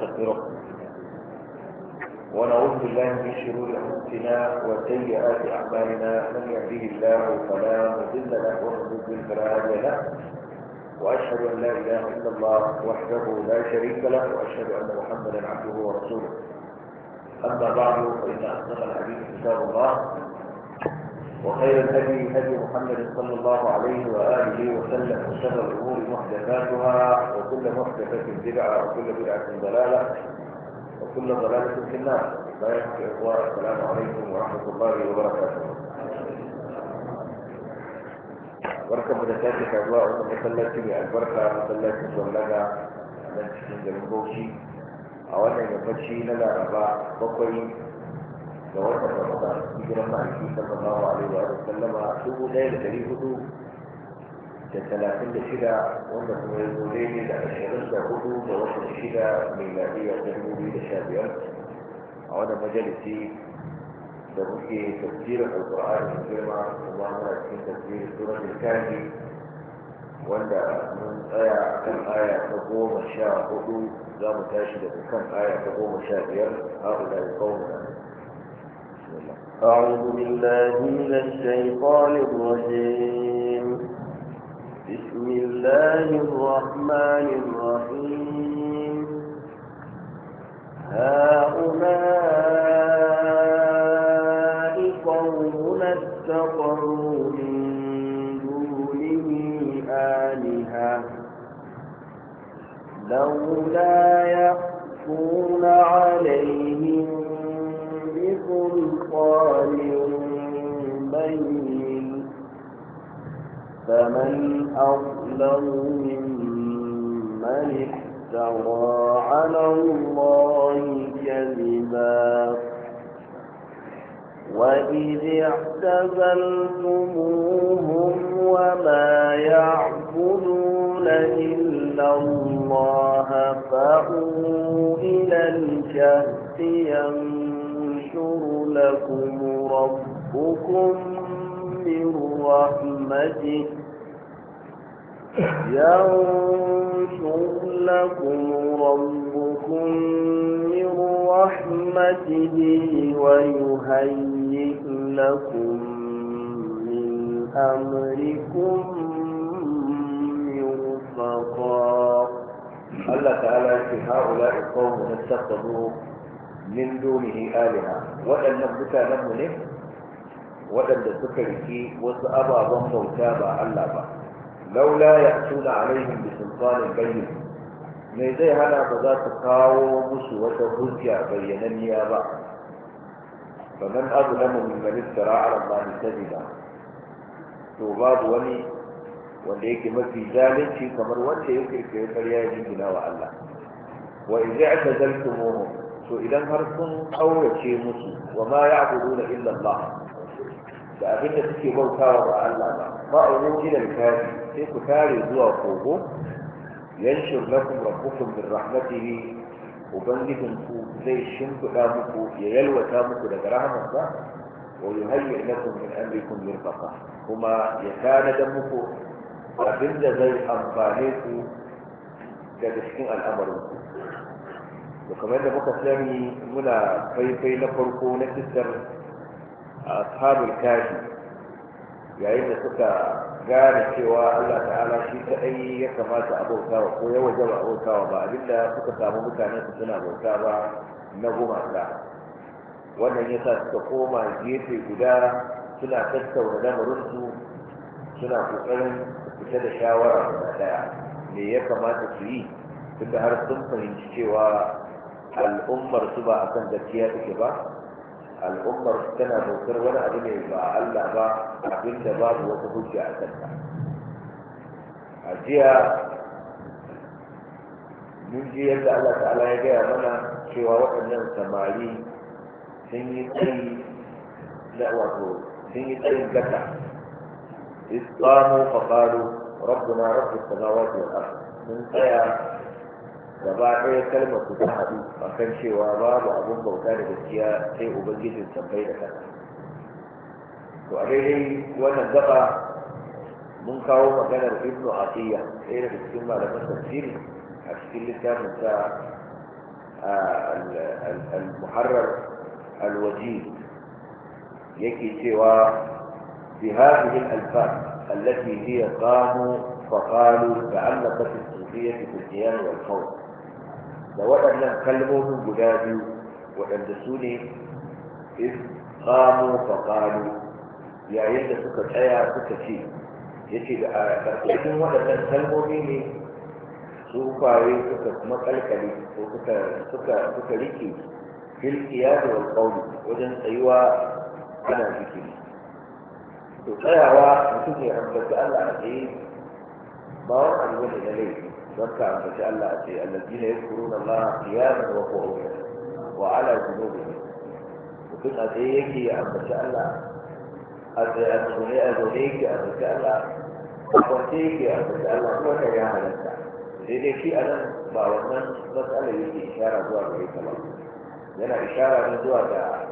نستغفره ونعوذ بالله من شرور انفسنا وسيئات اعمالنا من يهده الله فلا مضل له ومن يضلل فلا هادي له واشهد ان لا اله الا الله وحده لا شريك له واشهد ان محمدا عبده ورسوله اما بعد فان اصدق الحديث كتاب الله وخير الهدي هدي محمد صلى الله عليه واله وسلم وشر الامور محدثاتها وكل محدثه بدعه وكل بدعه ضلاله وكل ضلاله في النار بارك اخوان السلام عليكم ورحمه الله وبركاته بركه متكاتفه اجواء وتتكلم وسلم مسلسل مبلغه من وسلم بوشي a wannan وسلم لنا laraba bakwai ووصف رمضان في لما النبي صلى الله عليه وآله وسلم شو ليلة ليه da talatin da shida wanda kuma ya zo daidai da ashirin da hudu da watan shida mai lafiya ta dubu da sha biyar a wannan majalisi da muke tafsirin alƙur'ani da girma kuma muna cikin tafsirin suran littafi wanda mun tsaya a kan aya ta goma sha hudu za mu tashi daga kan aya ta goma sha biyar a ula da أعوذ بالله من الشيطان الرجيم بسم الله الرحمن الرحيم هؤلاء قوم اتقوا من دونه آلهة لولا يخفون عليهم سلطان بين فمن أظلم ممن افترى على الله كذبا وإذ اعتزلتموهم وما يعبدون إلا الله فأووا إلى الكهف ينظرون ينشر لكم ربكم من رحمته ينشر لكم ربكم من رحمته ويهيئ لكم من أمركم مرفقا الله تعالى في هؤلاء القوم اتخذوا min dunihi aliha waɗannan mutanenmu ne waɗanda suka riki wasu ababen bauta ba Allah ba laula ya tuna alaihim bi sultanin bayyin me zai hana ba za su kawo musu wata hujja bayyananniya ba faman azlamu mimman iftara ala Allah kadhiba to babu wani wanda yake mafi zalunci kamar wanda ya kirkiri ƙarya ya jingina wa Allah aka idza atazaltumuhum to idan har sun kaurace musu wa ma na illa Allah da abin da suke bautawa ba Allah ba ma'aunin gidan kari sai ku tare zuwa kogo yanshur lakum rabbukum min rahmatihi ubangijin ku zai shimfiɗa muku ya yalwata muku daga rahamarsa wa yuhayyi lakum min amrikum mirfaqa kuma ya tanada muku abin da zai amfane ku daga cikin al'amarin to kamar da muka sani muna faifai na farko na kisar ashabul kafi yayin da suka gane cewa Allah ta'ala shi kadai ya kamata a bautawa ko ya wajaba a bautawa ba abinda suka samu mutane su suna bauta ba na gumaka wannan yasa suka koma gefe guda suna tattauna lamarinsu suna kokarin fita da shawara guda daya me ya kamata su yi tunda har sun fahimci cewa al'ummar su ba kan gaskiya take ba al'ummar tana bautar wani abu ne ba Allah ba abinda babu wata hujja a kanta a jiya mun ji yadda Allah ta'ala ya gaya mana cewa waɗannan samari sun yi tsayi na wato sun yi tsayin gata isqamu faqalu rabbuna rabbus mun tsaya gaba ɗaya kalmar su ta haɗu a kan cewa babu abin bauta da gaskiya sai ubangijin tambayi da kasa to a daidai wannan gaba mun kawo maganar ibnu asiya ɗaya daga cikin malaman tafsiri a cikin littafin sa al-muharrar al-wajib yake cewa bi hadhihi al-alfaz التي هي قاموا فقالوا تعلقت الصوفية بالديان والقول da waɗannan kalmomin guda biyu waɗanda su ne isqamu faqalu yayin da suka tsaya suka ce yace da a ƙarƙashin waɗannan kalmomi ne sufaye suka kuma kalkale ko suka rike fil qiyad wal qawl wajen tsayuwa ana zikiri to tsayawa mutum ya ambaci Allah a tsaye ba wani abu ne na laifi وانت عم في الذين يذكرون الله قياما وقعودا وعلى جنوبهم وكن أديك عم تسأل أذنيك عم تسأل أخوتيك أن تسأل أخوتك يا هلتا لذلك في أنا بعضنا نسأل يجي إشارة دوا بعيد الله لأن إشارة دوا دا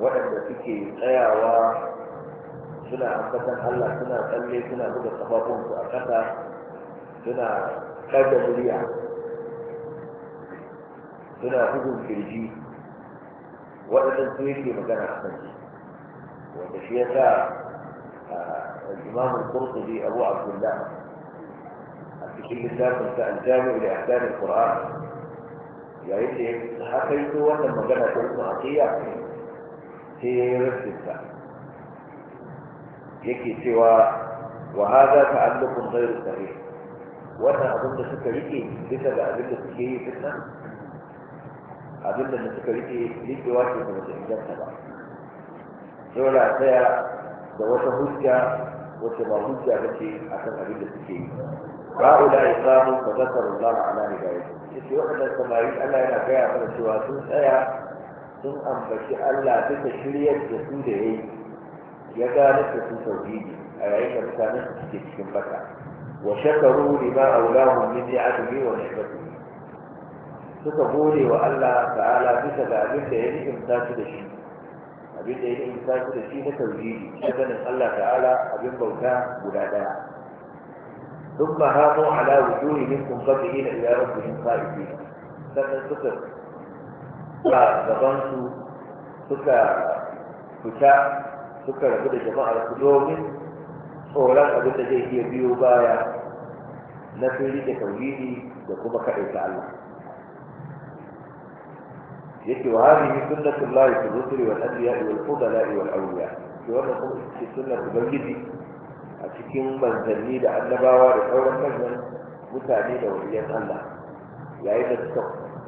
وعند فيك يا و سنة Allah الله سنة suna سنة kafafunsu a ƙasa لا تذريعا تنافذوا الفرجي وإذا تنفيه في مكان أحسن وتشيتا آه، الإمام القرطبي أبو عبد الله في كل ذلك الجامع لأحكام القرآن يقول لي حقيقة وأنا مكان المعطية في رفض الثاني يكي سوى وهذا تعلق غير صحيح wannan abin da suka rike bisa ga abin da suke yi duk nan abin da suka rike rikewa ce ba ta inganta ba dole tsaya da wata hujja wacce ba hujja ba ce akan abin da suke yi da ra'ula islamu fa zakarullah ala hidayati yace waɗannan samari Allah yana gaya mana cewa sun tsaya sun ambaci Allah duka shiryar da su da yayi ya gane da su tauhidi a yayin da mutanen suke cikin baka وشكروا لما أولاهم من نعمه ونعمته suka gode wa Allah ta'ala bisa ga abin da ya ni'imta su da shi abin da ya ni'imta su da shi na shi ganin Allah ta'ala abin bauta guda Duk daya thumma hamu ala wujuhihim munqati'in ila rabbihim qa'idin sannan suka ba gaban su suka fita suka rabu da jama'ar su domin tsoron abin da zai iya biyo baya na sun rike tauhidi da kuma kaɗaita Allah yake wa hadhihi sunnatullahi fil rusuli wal anbiya'i wal fudala'i wal awliya to wannan kuma ita sunnar ubangiji a cikin manzanni da annabawa da sauran manyan mutane da waliyan Allah yayin da suka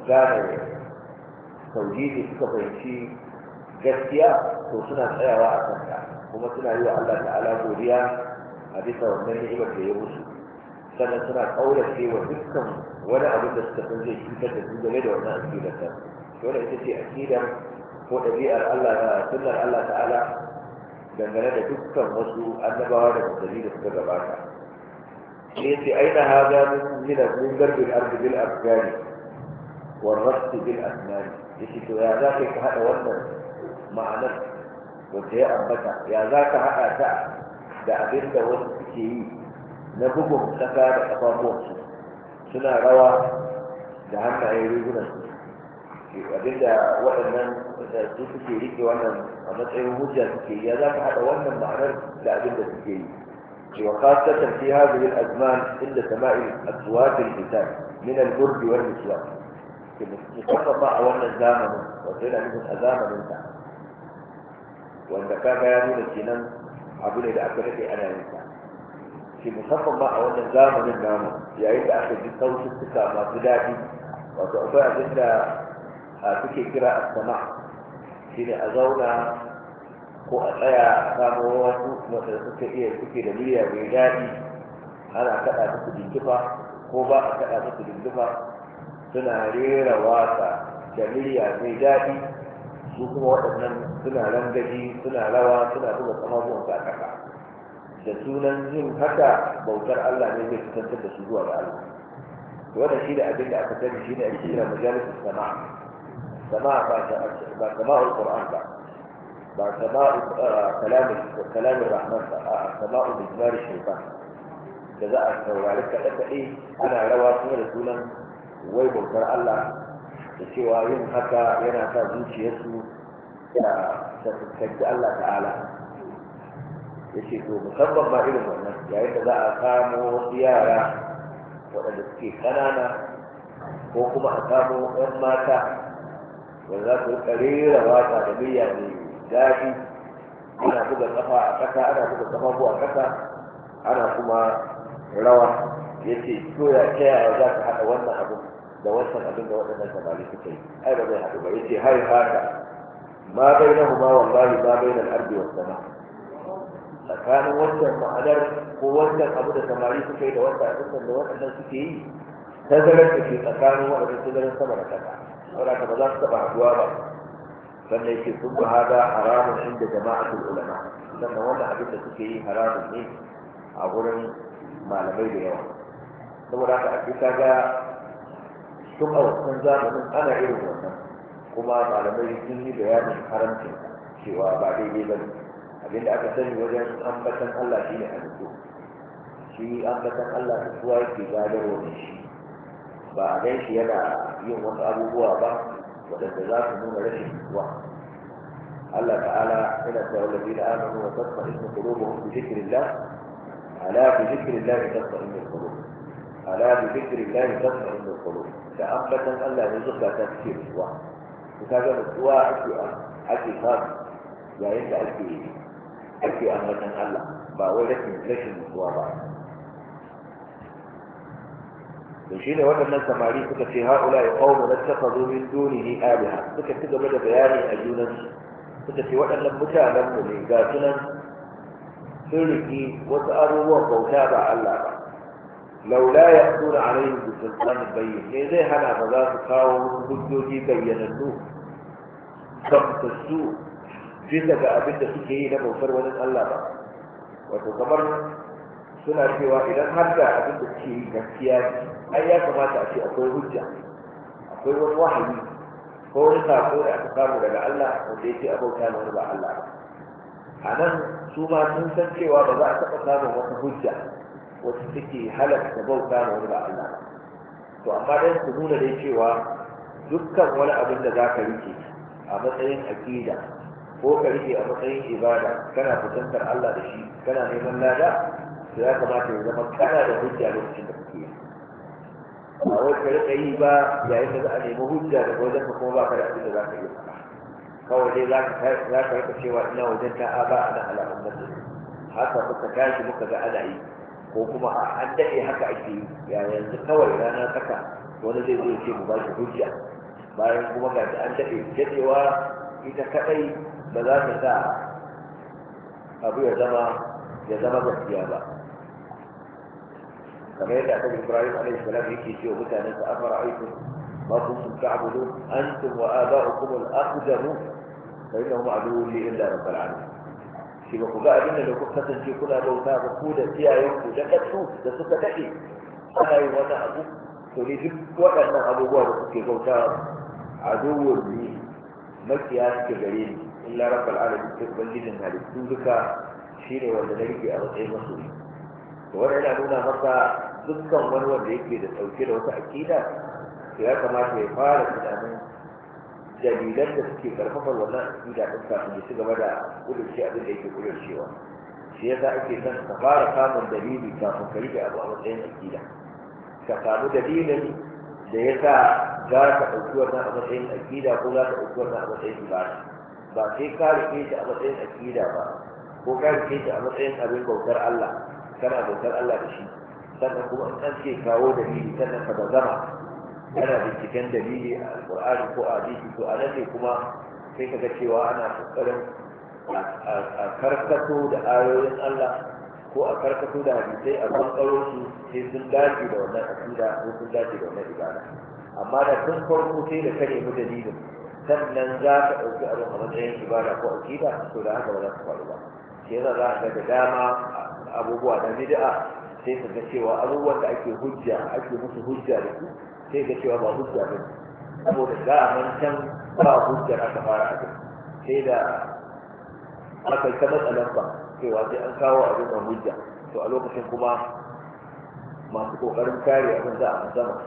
gane tauhidi suka fahimci gaskiya to suna tsayawa a kanta kuma suna yi wa Allah ta'ala godiya a bisa wannan ni'imar da ya musu sannan suna kaurace wa dukkan wani abin da suka san zai cutar da su game da wannan aƙidar ta dole ita ce aƙidar ko ɗabi'ar Allah ta sunnar Allah ta'ala dangane da dukkan wasu annabawa da manzanni da suka gabata shi yace aina hada min min min garbil ardi bil afghani wal rafs bil asnan yace to ya za ka hada wannan ma'anar wanda ya ambata ya za ka hada ta da abin da wasu suke yi na bugun kasa da kafafuwansu suna rawa da hannayen rigunan abin da waɗannan da su suke rike wannan a matsayin hujja suke ya za ka haɗa wannan ma'anar da abin da suke yi cewa kasatan fi hadhihi al-azman inda sama'in aswat al-kitab min al-burd wal miswak ke musamman a wannan zamanin wato yana nufin a zamanin ta wanda kaga ya nuna kenan abu ne da aka daɗe ana yin sa shi musamman ma a wannan zamanin namu yayin da aka ji saututtuka masu daɗi wato akwai abin da suke kira asama shine a zauna ko a tsaya a samo wasu wanda suka iya suke da miliya mai daɗi ana kaɗa musu dindifa ko ba a kaɗa musu dindifa suna rera wasa da miliya mai daɗi su kuma waɗannan suna rangaji suna rawa suna buga kamabuwan a ƙasa da sunan yin haka bautar Allah ne zai kusantar da su zuwa ga Allah wannan shi da abin da aka sani shi ne ake kira majalisun sama'a sama'a ba sama'ul qur'an ba ba sama'u kalamin kalamin rahman ba a sama'u bijmar shaytan da za a saurari kaɗe-kaɗe ana rawa suna da sunan wai bautar Allah da cewa yin haka yana sa zuciyarsu da ta Allah ta'ala ya ce to musamman ma irin wannan yayin da za a samo wasu yara waɗanda suke ƙanana ko kuma a samo ɗan mata da za su rika rera wata da murya mai daɗi ana buga ƙafa a ƙasa ana buga ƙafafu a ƙasa ana kuma rawa ya ce to ya ta yaya za ka haɗa wannan abin da wancan abin da waɗannan samari suka yi ai ba zai haɗu ba yace hai haka ma bainahuma wallahi ma bainal ardi was sama tsakanin wancan ma'anar ko wancan abu da samari suka yi da wancan abin da waɗannan suke yi tazarar da ke tsakanin waɗannan tazarar sama da ƙasa saboda ka ba za su taɓa haɗuwa ba sannan yake sun ba hada haramun inda jama'atul ulama sannan wannan abin da suke yi haramun ne a wurin malamai da yawa saboda haka a ga tun a wancan zamanin ana irin wannan kuma malamai sun yi bayanin haramcin cewa ba daidai ba ne abinda aka sani wajen ambatan Allah shi ne halittu shi ambatan Allah da suwa yake gadarwa da shi ba a gan shi yana yin wasu abubuwa ba waɗanda za su nuna rashin kuwa Allah ta'ala yana cewa wallazi da amanu wa tasma ismu qulubuhum bi dhikrillah ala bi dhikrillah tasma ismu qulubuhum ألا بذكر الله تطمئن القلوب تأمة ألا يزكى تفكير واحد وكذا مستوى أكي أكي خاص يعني أنت أكي أكي أمة ألا باولك من ليش المستوى بعد وشين وأن السماري سكت في هؤلاء قوم اتخذوا من دونه آلهة سكت كده بدأ بياني أجونا سكت في وأن لم متعلم من ذاتنا سلكي وسألوا وقوتا على الله laula ya tura a rai da ne zai hana ba za su kawo hujjoji bayyanannu kamtassu bisa ga abin da suke yi na bautar wani Allah ba wato suna cewa idan har da abin da suke yi ya kamata a ce akwai hujja akwai wani wahayi ko wani sako da daga Allah wanda ya a bauta wani ba Allah ba a nan su ma sun san cewa ba za a taɓa samun wata hujja wasu suke halatta bauta ma wani ba Allah to amma dan su nuna dai cewa dukkan wani abin da za ka rike a matsayin aƙida ko ka rike a matsayin ibada kana kusantar Allah da shi kana neman lada to ya kamata ya zama kana da hujja lokacin da kake ba wai ka rika yi ba yayin da za a nemi hujja daga wajen ka kuma ba ka da abin da za ka yi ba kawai dai za ka rika cewa ina wajen ta'a ba a nan ala'ummar haka muka tashi muka ga ana yi ko kuma an daɗe haka ake yi ya yanzu kawai rana saka wani zai zai ce mu ba shi hujja bayan kuma ga an daɗe jadewa ita kaɗai ba za ta sa abu ya zama ya zama gaskiya ba kamar yadda annabi ibrahim alaihi salam yake ce wa mutanen sa afara aikun ma kuntum an tun wa aba'ukum al-aqdamu fa innahum aduwwun li illa rabbil alamin ki ku ga abin da ku kasance kuna bauta ba ku da iyayenku da katsu da suka dade ana yin wani abu to ne duk waɗannan abubuwa da kuke bauta aduwwul ni makiya suke gare ni in rabbal alamin sai ubangijin halittu duka shine wanda na rike a matsayin masoyi to wanda yana nuna masa dukkan wani wanda yake da ɗauke da wata aƙida to ya kamata ya fara tunanin dalilan da suke karfafar wannan aƙida ɗin kafin ya ci gaba da ƙudurce abin da yake ƙudurcewa shi a ke son ka fara samun dalili kafin ka yi da abu a matsayin aƙida ka samu dalilin da ya sa za ka ɗauki wannan a matsayin aƙida ko za ka ɗauki wannan a matsayin ibada ba sai ka rike shi a matsayin aƙida ba ko ka rike shi a matsayin abin bautar Allah kana bautar Allah da shi sannan kuma in an ce kawo dalili sannan ka bazama kana binciken dalili a alƙur'ani ko a hadisi to a nan ne kuma sai kaga cewa ana kokarin a karkato da ayoyin Allah ko a karkato da hadisai a bankaron su sai sun dace da wannan aqida ko sun dace da wannan ibada amma da tun farko sai da ka mu dalilin sannan za ka ɗauki abin a matsayin ibada ko aqida to da haka ba za ka faru ba shi za ka ga dama abubuwa da bid'a sai ka ga cewa abubuwan da ake hujja ake musu hujja da su sai ga cewa ba hujja ba saboda ga a mancan ba hujjar aka fara abin sai da aka yi ta matsalan ba cewa sai an kawo abin da hujja to a lokacin kuma masu kokarin kare abin za a musamman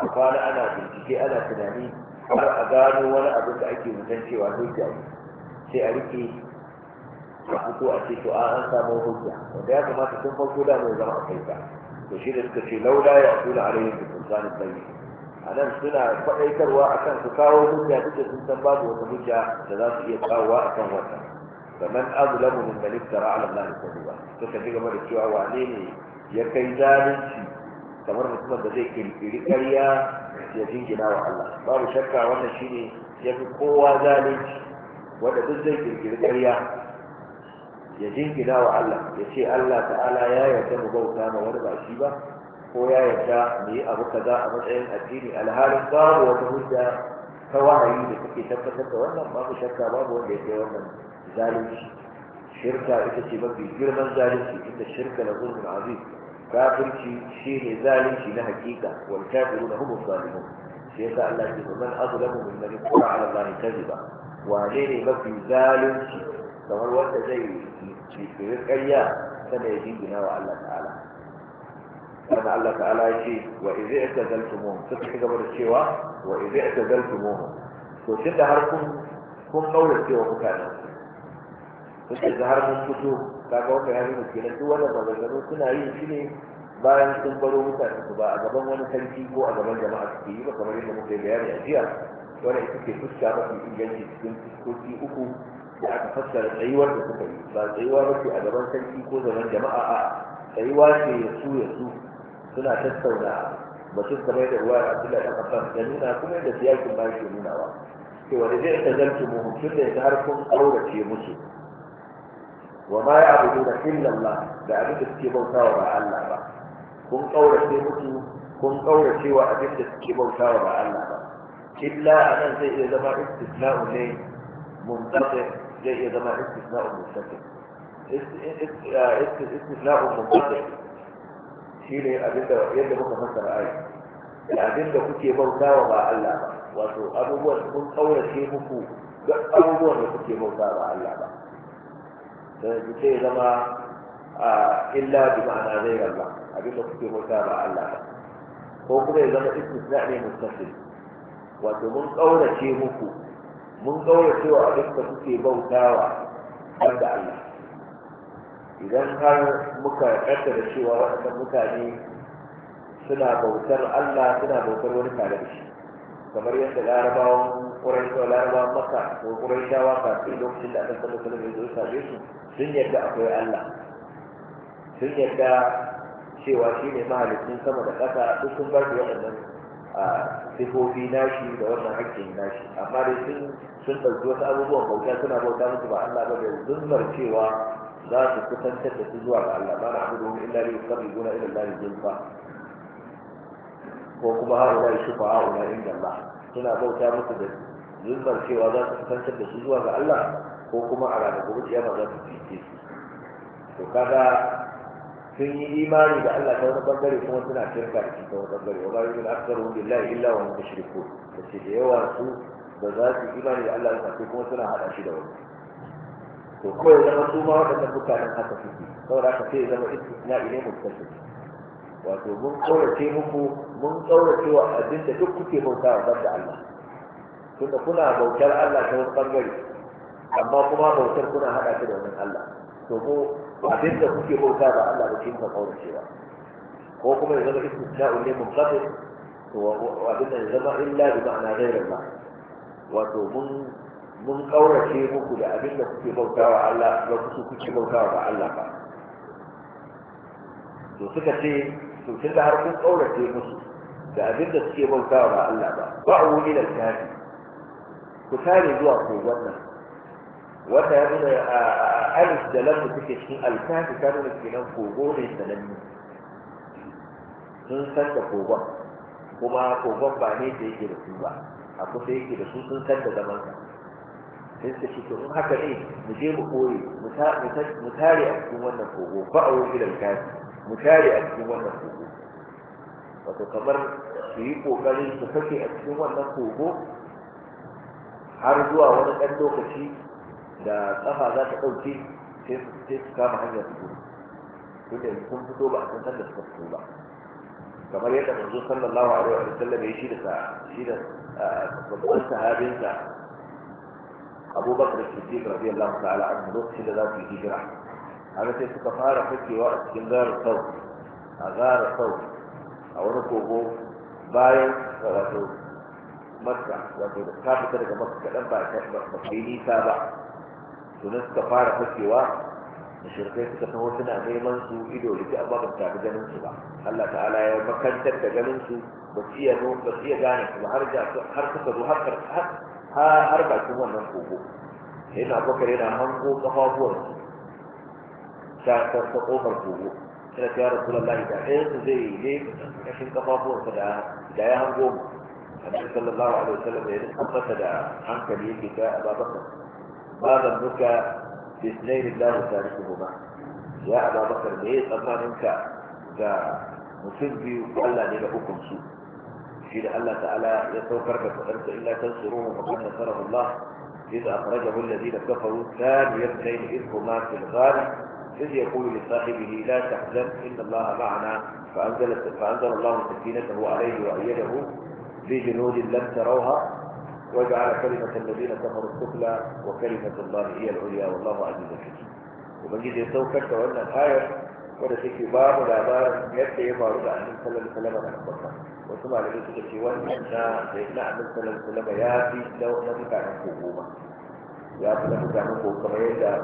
a kwana ana bincike ana tunani har a gano wani abin da ake mutan cewa hujja ne sai a rike a fito a ce to an samu hujja wanda ya kamata sun farko da mai zama a kai ka to shi da suka ce laula ya suna alaihi bi sultanin anan a nan suna faɗaitarwa akan su kawo hujja duk da sun san babu wata hujja da za su iya kawowa akan wannan kamar azlamu min malik tara ala allahi kadiba suka ji game da cewa wane ne ya kai zalunci kamar mutumin da zai kirkiri ƙarya ya jingina wa Allah babu shakka wannan shine ya fi kowa zalunci wanda duk zai kirkiri ƙarya ya jingina wa Allah ya ce Allah ta'ala ya yarda mu bauta ma wani ba shi ba ko ya yarda mu yi abu kaza a matsayin addini alhalin babu wata hujja ta wahayi da take tabbatar da wannan babu shakka babu wanda ya kai wannan zalunci shirka ita ce mafi girman zalunci inda shirka la zulmun azim kafirci shine zalunci na hakika wal kafiruna hum zalimun sai yasa Allah ya ce man azlamu mimman yaqulu ala Allah kadhiba wane ne mafi zalunci kamar wanda zai kirkirin ƙarya kada ya jingina wa Allah ta'ala kana Allah ta'ala ya ce wa idza i'tazaltumuhum suka ci gaba da cewa wa idza i'tazaltumuhum to tun da har kun kun kaura cewa mutanen su suka da har mun fito kaga wannan ya nuna kenan duk wannan maganganu suna yin shi ne bayan sun baro mutanen su ba a gaban wani sarki ko a gaban jama'a suke yi ba kamar yadda muka yi bayani a jiya wannan ita ce fuska mafi inganci cikin fuskoki uku da aka fassara tsayuwar da suka yi ba tsayuwa ba ce a gaban sarki ko zaman jama'a a tsayuwa ce ya su ya su suna tattauna batun kamar da ruwa a abdullahi ɗan abbas da nuna kuma yadda siyakin ba yake nunawa cewa da zai ta zarce mu tun da yanzu har kun aurace musu wa ma ya abu da illallah da abin da suke bautawa ba Allah ba kun kaurace musu kun kaurace wa abin da suke bautawa ba Allah ba illa anan zai iya zama istisna'u ne muntafi جاي ايه ده ما استثناءه المتكد استثناءه المتكد شيل الاجنده يلي بكره مثلا ايه الاجنده كنت يبوتها وما علمها واتو ابو بكون قوي شيء بكو ابو بكون كنت يبوتها وما علمها فجيتي لما الا بمعنى غير الله اجنده كنت يبوتها وما علمها هو كده يبقى استثناء المتكد واتو بكون قوي شيء بكو mun gaura cewa abin da kuke bautawa da Allah idan har muka da cewa waɗannan mutane suna bautar Allah suna bautar wani tare da shi kamar yadda larabawan ƙuraishawa larabawan maka ko ƙuraishawa kafin lokacin da aka sanda sanar da zuwa same su sun yadda akwai Allah sun yadda cewa shi ne mahalicin sama da ƙasa duk sun bar da waɗannan ah, sifofi nashi da wannan hakkin nashi amma dai sun sun ɗauki wasu abubuwan bauta suna bauta musu ba Allah ba da zummar cewa za su kusantar da su zuwa ga Allah ba na abudu illa li yuqarribuna ila Allah zulfa ko kuma haula shufa'a'una inda Allah suna bauta musu da zummar cewa za su kusantar da su zuwa ga Allah ko kuma a ranar gobe kiyama za su fice su to kaga sun yi imani da Allah ta wani bangare kuma suna shirka da shi ta wani bangare wa bayan aksaru billahi illa wa mushriku da ce da yawa su ba za su imani da Allah ta kuma suna hada shi da wani to kawai zama su ma waɗannan mutanen haka suke saboda haka sai zama istisna ne mutasi wato mun kaurace muku mun kaurace wa abin da duk kuke bauta wa banda Allah tunda kuna bautar Allah ta wani bangare amma kuma bautar kuna hada shi da wani Allah to ko abin da kuke bauta ba Allah da shi ka kaurace ba ko kuma ya zama istisna'u ne munqati to abin ya zama illa bi ma'ana ghairin ba wato mun mun kaurace da abin da kuke bautawa Allah ba kuke ba Allah ba to suka ce to da har kun kaurace musu da abin da suke ba Allah ba ba'u ila kafi ku tare zuwa ko wannan. Wata ya nuna alif da lam suke cikin alkafi ta nuna kenan kogo ne sananne sun san da kogon kuma kogon ba ne da yake da su ba a kusa yake da su sun san da zaman sa sai suka ce in haka ne mu je mu koyi mu tare a cikin wannan kogo ba a wani gidan kafi mu tare a cikin wannan kogo wato kamar su yi kokarin su kake a cikin wannan kogo har zuwa wani ɗan lokaci da kafa za ta ɗauke sai su kama hanyar su gudu tunda sun fito ba a san sanda suka fito ba kamar yadda manzo sallallahu alaihi wa sallam ya shi da sa shi da babban sahabinsa abubakar siddiq radiyallahu ta'ala anhu lokacin da za su yi hijira haka sai suka fara fakewa a cikin garar sau a garar sau a wani kogo bayan wato makka wato da ka fita daga makka kaɗan ba ka yi nisa ba domin suka fara fakewa mashirkai suka taho suna neman su ido da ta ba ta ganin su ba Allah ta'ala ya makantar da ganin su ba su iya ba su iya gane su har har suka zo har har bakin wannan kogo yana bakar yana hango kafafuwan su ta ta kofar kogo sai ta yara rasulullahi da ɗayan su zai ne kashin kafafuwan sa da da ya hango mu annabi sallallahu alaihi wasallam ya rinka masa da hankali yake ga ababakar ما في باثنين الله ثالثهما يا أبا بكر ليه تمانك انك بي وألا لنأكم سوء في الله تعالى يتوكر فأنت إلا تنصروه فقد نصره الله إذا أخرجه الذين كفروا ثاني يبنين إذ في الغار إذ يقول لصاحبه لا تحزن إن الله معنا فأنزل, فأنزل الله سكينته عليه وأيده بجنود لم تروها وجعل كلمة الذين كفروا السفلى وكلمة الله هي العليا والله عزيز حكيم وبنجي زي سوكت وأن الآية وده في باب العبارة يبقى يبقى ده عن صلى الله عليه وسلم عن البطن وثم على ذلك تكي وأن سيدنا عن صلى الله عليه وسلم يأتي لو نبك عن حكومة يأتي نبك عن حكومة يدى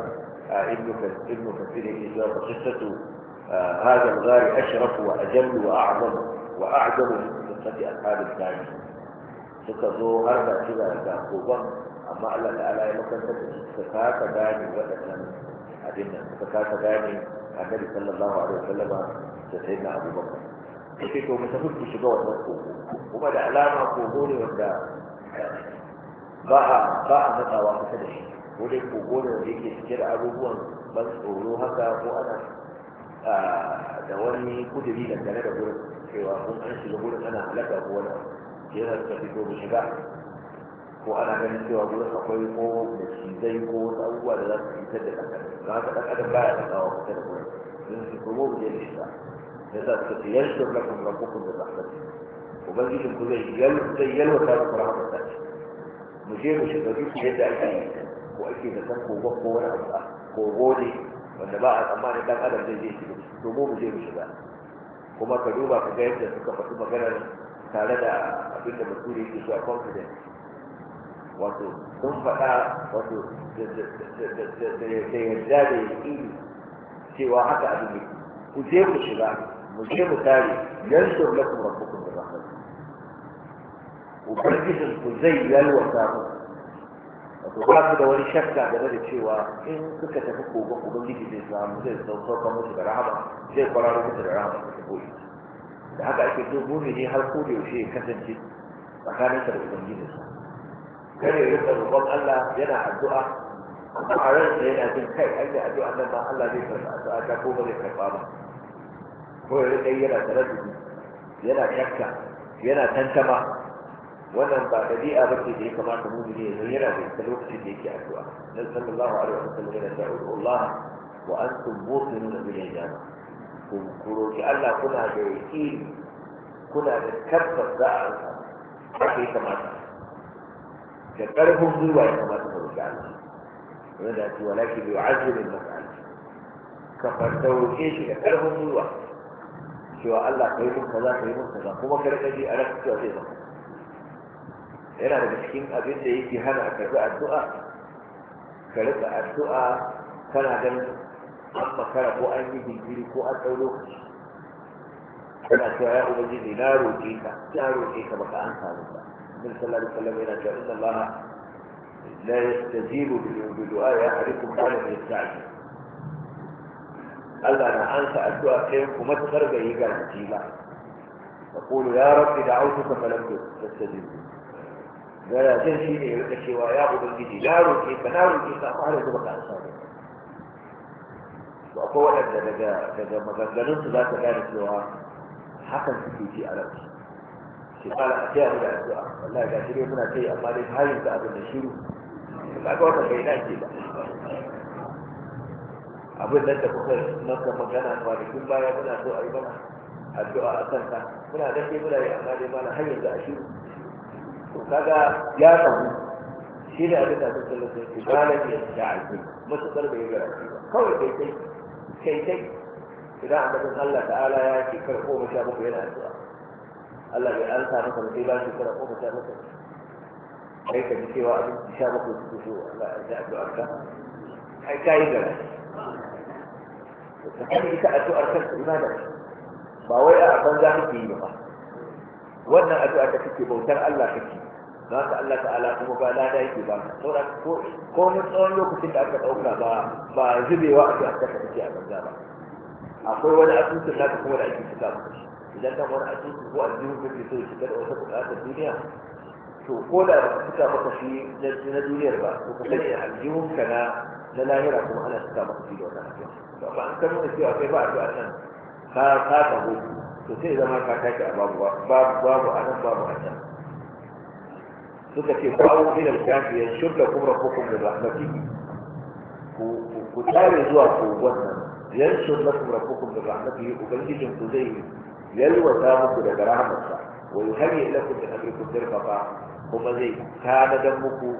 آه، ابن ابن كثير يجي قصة آه، هذا الغار أشرف وأجل وأعظم وأعظم من قصة أصحاب الثاني suka zo har da shi da ga amma Allah ta'ala ya makanta da suka kasa gane waɗannan abin nan suka kasa gane annabi sallallahu alaihi wasallam da sai na sayyidina abubakar yake to mu tafi ku shiga wannan kogo kuma da alama kogo ne wanda ba a ba a matsawa kusa da shi ko dai kogo ne wanda yake cike da abubuwan ban tsoro haka ko ana da wani kudiri dangane da gurin cewa kun an shiga gurin ana halaka ko wani abu يستفيدوا بالحجاب ko ana ganin cewa gurin akwai ko da cizai ko wasu abubuwa da za su fitar da ɗan adam don haka ɗan adam baya da tsawa kusa da gurin don su kuma mu je da shiga da za su ce yan shirka kun ga kukun da zafati ubangijin ku zai zai yalwata da kuma haka ta mu je mu shiga duk yadda ake yi ko ake da san kogo ko wani abu a kogo ne wanda ba a tsammanin ɗan adam zai je shiga to mu je mu shiga kuma ka duba ka ga yadda suka faɗi maganar tare da abinda bature yake a confident wato sun faɗa wato da yarda da yaƙini cewa haka abin yake ku je ku shiga mu je mu tare yanzu lakum rabbukum bi rahmat ubangijin ku zai yalwata muku wato ba su da wani shakka game da cewa in suka tafi kogon ubangiji zai samu zai sauka musu da rahama zai kwararo musu da rahama ta koyi da haka ake so ne har ko da yaushe ya kasance tsakanin tsakaninka da ubangijinsa kare ya rika roƙon Allah yana addu'a amma a ransa yana jin kai an yi addu'a nan ba Allah zai karɓa addu'a ta ko ba zai karɓa ba ko ya rika yana taraddudi yana shakka yana tantama wannan ba dabi'a ba ce da ya kamata mu ne yanzu yana da ita lokacin da yake addu'a dan sallallahu alaihi wa sallam yana da'u Allah wa antum muqinuna bil ijaba ku roki Allah kuna da yaqini kuna da tabbas za a haka ya kamata da ƙarfin gwiwa ya kamata ka roƙi Allah wanda ya ce walaki bi azumin aiki. ka farta roƙe shi da ƙarfin gwiwa cewa Allah ka yi mun kaza ka yi mun kaza kuma ka rika ji a ranka cewa zai maka yana daga cikin abin da yake hana a karɓi addu'a ka rika addu'a kana ganin an makara ko an yi jinkiri ko an ɗau lokaci yana cewa ya ubangiji na roƙe ka ya roƙe ka baka an samu ba bin sallallahu alaihi wasallam yana cewa inna allaha la yastajibu bi du'a ya harikum qala bi ta'ti Allah na ansa addu'a kai kuma ta karga yi garanti ba تقول يا رب دعوتك فلم تستجب ولا تنسي لي يقول سوى يا ubangiji na roƙe ka na roƙe ka ba da baka an samu ba to akwai waɗanda daga maganganunsu za ta gane cewa hakan suke ji a ransu ke fara a taya mu da addu'a wallahi ga shirye muna kai amma dai har yanzu abin da shiru ba ga wata bai dace ba abin nan da kuka maka magana kwanakin baya muna so a yi mana addu'a a kan ka muna da ke muna yi amma dai mana har yanzu a shiru to kaga ya samu shi ne abin da sun tallata ya ce ba na ne da aiki masu tsarbe ya gara kawai kai kai kai kai إذا عمد الله تعالى يا كيف يقوم شابه في هذا الدعاء الذي أنت مثلا في بلد كيف يقوم شابه ليس بسوى شابه في الدشوع لا إذا أدعو أركا حيث كايدا فكيف إذا أدعو أركا إمانا باوي أعطان ذاك في يوم وانا أدعو أركا في بوتر الله كيف ما تعالى تعالى مبالاة يجي بانا سورة كومت أون يوكسين أركا أوكا با با زبي وقت أركا في أبنزابا أقول ولا أتوت لا تقول ولا أجيب كتاب إذا أنت ولا أتوت هو أجيب في كتاب كتاب أو تقول هذا الدنيا شو قولا كتاب قشي نجد يربا وكتاب أجيب كنا لا يركم أنا كتاب قشي ولا أجيب لو ما أنتم في أكيد بعد أن خاطبه تسير إذا ما كاتك أبواب باب باب أنا باب أنا تذكر قاو من الكافي ينشر لكم ربكم من ينشر لكم ربكم من رحمته وبلجكم تزيه يلوى تامد لجراها مصر ويهيئ لكم من أمركم ترفع هم زي كان دمك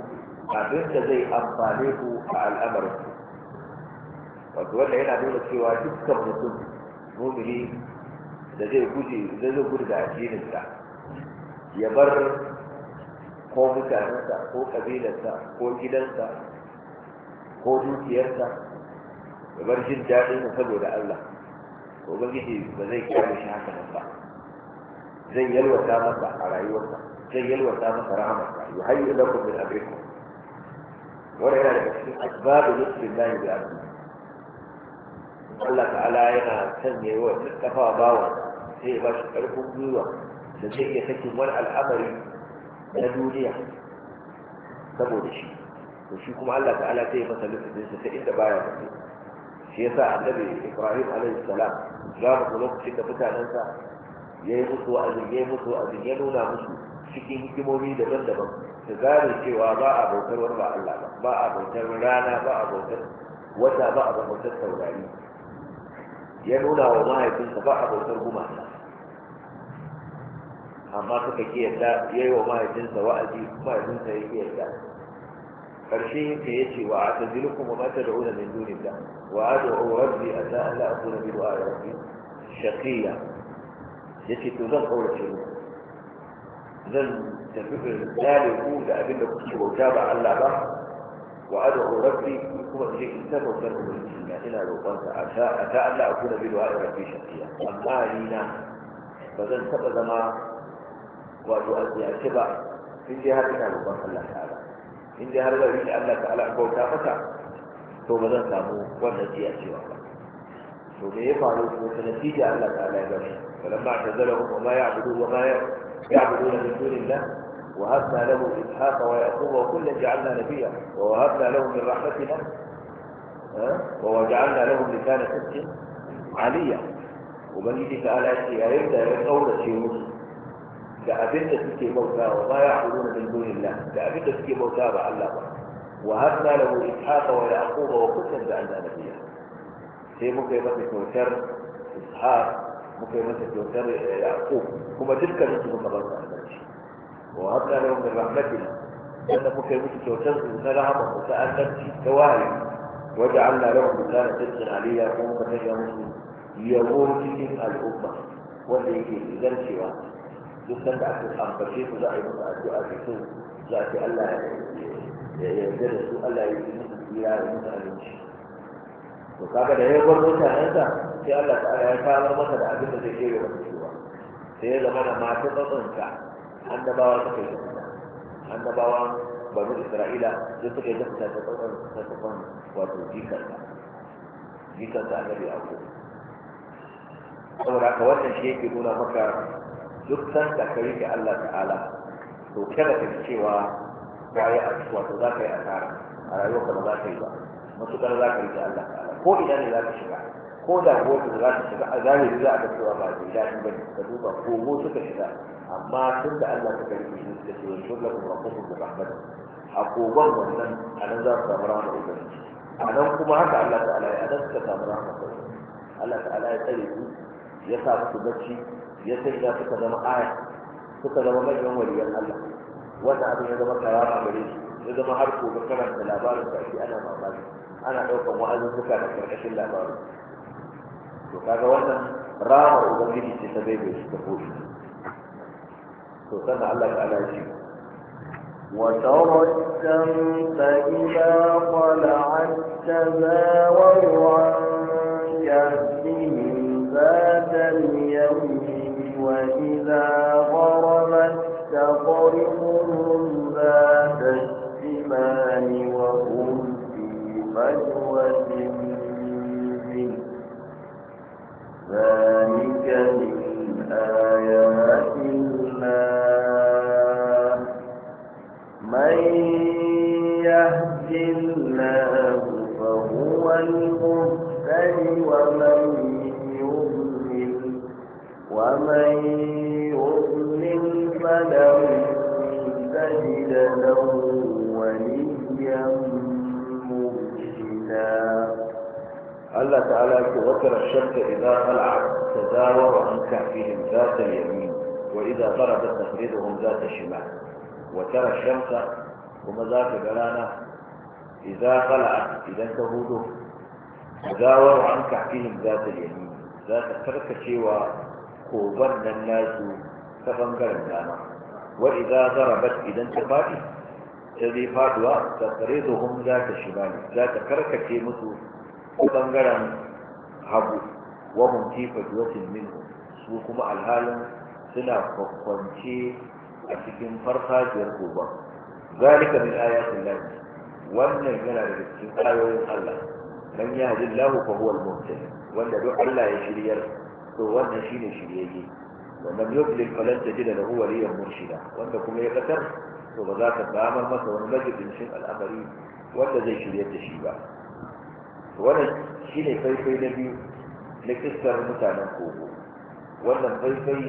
أبنت زي أمانيك على الأمر وتولى هنا دولة في واجب كم نتم مؤمنين زي بوجي زي بوجي عجين الساعة يبر قومك أنت قو قبيلة قو جدنت قو جوتي أنت ya bar jin daɗin sa saboda Allah to ubangiji ba zai kira shi haka nan ba zai yalwata masa a rayuwarsa zai yalwata masa rahamarsa ya hayyu lakum min amrikum wannan yana daga cikin asbabu lutfin lahi bi abdi Allah ta'ala yana sanya wa kafa bawa sai ya ba shi ƙarfin gwiwa da zai iya sakin wani al'amari na duniya saboda shi to shi kuma Allah ta'ala sai yi masa lutfinsa ta inda baya mutum shi yasa annabi ibrahim alaihi salam ga mu lokacin da mutanensa ya yi musu wa'azin ya yi musu wa'azin ya nuna musu cikin hikimomi daban-daban su gane cewa ba a bautar wani ba Allah ba ba a bautar rana ba a bautar wata ba a bautar taurari ya nuna wa mahaifinsa ba a bautar gumata amma suka ki yadda ya yi wa mahaifinsa wa'azi mahaifinsa ya ki yadda karshe yake ya ce wa a tazilukum wa ma tad'una min dunillah وادعو ربي ان لا اكون بدعاء ربي شقيا يكي تذكر ولا شيء لن تفكر لا يقول لابن كتب وجاب على الله وادعو ربي يكون شيء سبب وكانه من الجنه الا لو قلت اتى ان لا اكون بدعاء ربي شقيا اما علينا فلن تبقى ما وادعو ربي اتبع في جهتنا لو قلت الله تعالى إن جهر الله يجعل الله تعالى أبو كافتا to ba zan samu wannan jiya cewa ba to me ya faru ko ta natija Allah ta'ala ya bashi falamma tazalahum wa ma ya'budu wa ma ya'budu min dunillah wa habna lahu ishaqa wa yaqub wa kullan ja'alna nabiyya wa wahabna lahu min rahmatina wa waja'alna lahu lisana sidqin aliya ubangiji ta'ala ya ce yayin da ya kaurace musu da abin da suke bauta wa ma ya'budu min dunillah da abin da suke bauta ba Allah ba وهبنا له اسحاق ويعقوب وقسم بان نبيه في مكيفه توتر اسحاق مكيفه توتر يعقوب هم تلك التي تقبلت عن ذلك وهبنا له من رحمتنا ان مكيفه توتر ان لها مساءلت كواهب وجعلنا لهم مكان صدق عليا يقوم بهجا مسلم يقوم بهم الامه والايدين اذا سوى جدا بعد الحرب بشير زعيم الدعاء في سوء زعيم الله ya yarda da su Allah ya yi musu tsira ya musu abinci to kaga da ya bar mutanensa sai Allah ta'ala ya kawo masa da abin da zai kere da su ba sai ya zama da masu tsatsanka annabawa suka yi tsatsanka annabawa banu isra'ila sai suka yi tsatsanka tsatsan tsatsan wato jikarsa jikarsa annabi a kuma saboda haka wannan shi yake nuna maka duk san da ka rike Allah ta'ala to kada ka cewa waye a wato za ka yi asara a rayuwarka ba za ka yi ba matuƙar za ka yi da Allah ta'ala ko idan ne za ka shiga ko da gobe da za ka shiga a zahiri za a ga cewa ba zai daɗi ba ne ka duba kogo suka shiga amma tun da Allah ta riƙe shi suka ce wani shugaba kuma kuma da rahmatu a kogon wannan a nan za su samu da ubangiji a nan kuma haka Allah ta'ala ya nan suka samu rahmar ubangiji Allah ta'ala ya tsare su ya sa su bacci ya sanya suka zama aya suka zama manyan waliyan Allah wannan abin ya zama karama gare shi ya zama har gobe karanta labarin da ake ana mamaki ana ɗaukan wa'azuzzuka da karkashin labarin to kaga wannan ramar ubangiji ce ta bai bai shi ta koshi to sannan Allah ta'ala ya ce وترى الشمس إذا طلعت تزاور عن كهفهم ذات اليمين وإذا غربت تقرضهم ذات الشمال وهم في فجوة ذلك من آيات الله من يهد الله فهو المهتد ومن يضلل ومن يضلل فلن تجد له وليا مرشدا الله تعالى وترى الشمس إذا طلعت تداور عن كهفهم ذات اليمين وإذا غربت تفريدهم ذات الشمال وترى الشمس وما ذاك بلانا إذا طلعت إذا تهوده تداور عن كهفهم ذات اليمين ذات تركشي وقوبنا الناس ta bangaren dama wa idza zarabat idan ta fadi ta zai faduwa ta tsare zuhun za ta shiga ne za ta karkace musu ta bangaren hagu wa hum fi fajwatin su kuma alhalin suna kwakwance a cikin farfajiyar gobe zalika min ayatin lahi wannan yana da cikin ayoyin Allah man yahdillahu fa huwa al-muhtadi wanda duk Allah ya shiryar to wannan shine shiryayye wa man yubli falan tajida lahu waliyyan murshida wanda kuma ya katar to ba za ka samu masa wani majibin shin al'amari wanda zai shirye ta shi ba wanda shi ne kai kai da ne kistar mutanen kogo wannan kai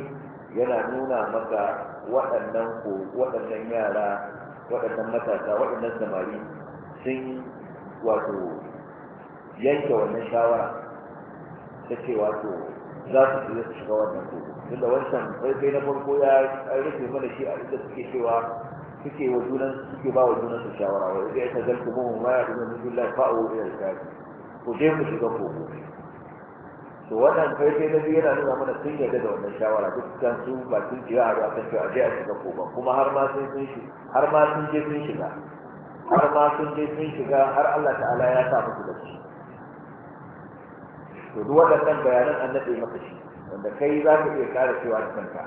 yana nuna maka waɗannan ko matasa waɗannan samari sun wato yanke wannan shawara ta ce wato za su tsaye su shiga wannan kogo duk da wancan sai na farko ya rufe mana shi a inda suke cewa suke wa junan suke ba wa junan su shawara wa idan ta zalku mu ma ya dunan min billahi fa au ila kafi ko dai mu shiga kogo to wannan faifai na biyu yana nuna mana sun yarda da wannan shawara dukkan su ba sun ji a ruwa kan cewa a je a shiga kogon kuma har ma sun sun shi har ma sun je sun shiga har ma sun je sun shiga har Allah ta'ala ya sa musu da shi to duk waɗannan bayanan an daɗe maka shi wanda kai za ka iya ƙara cewa da kanka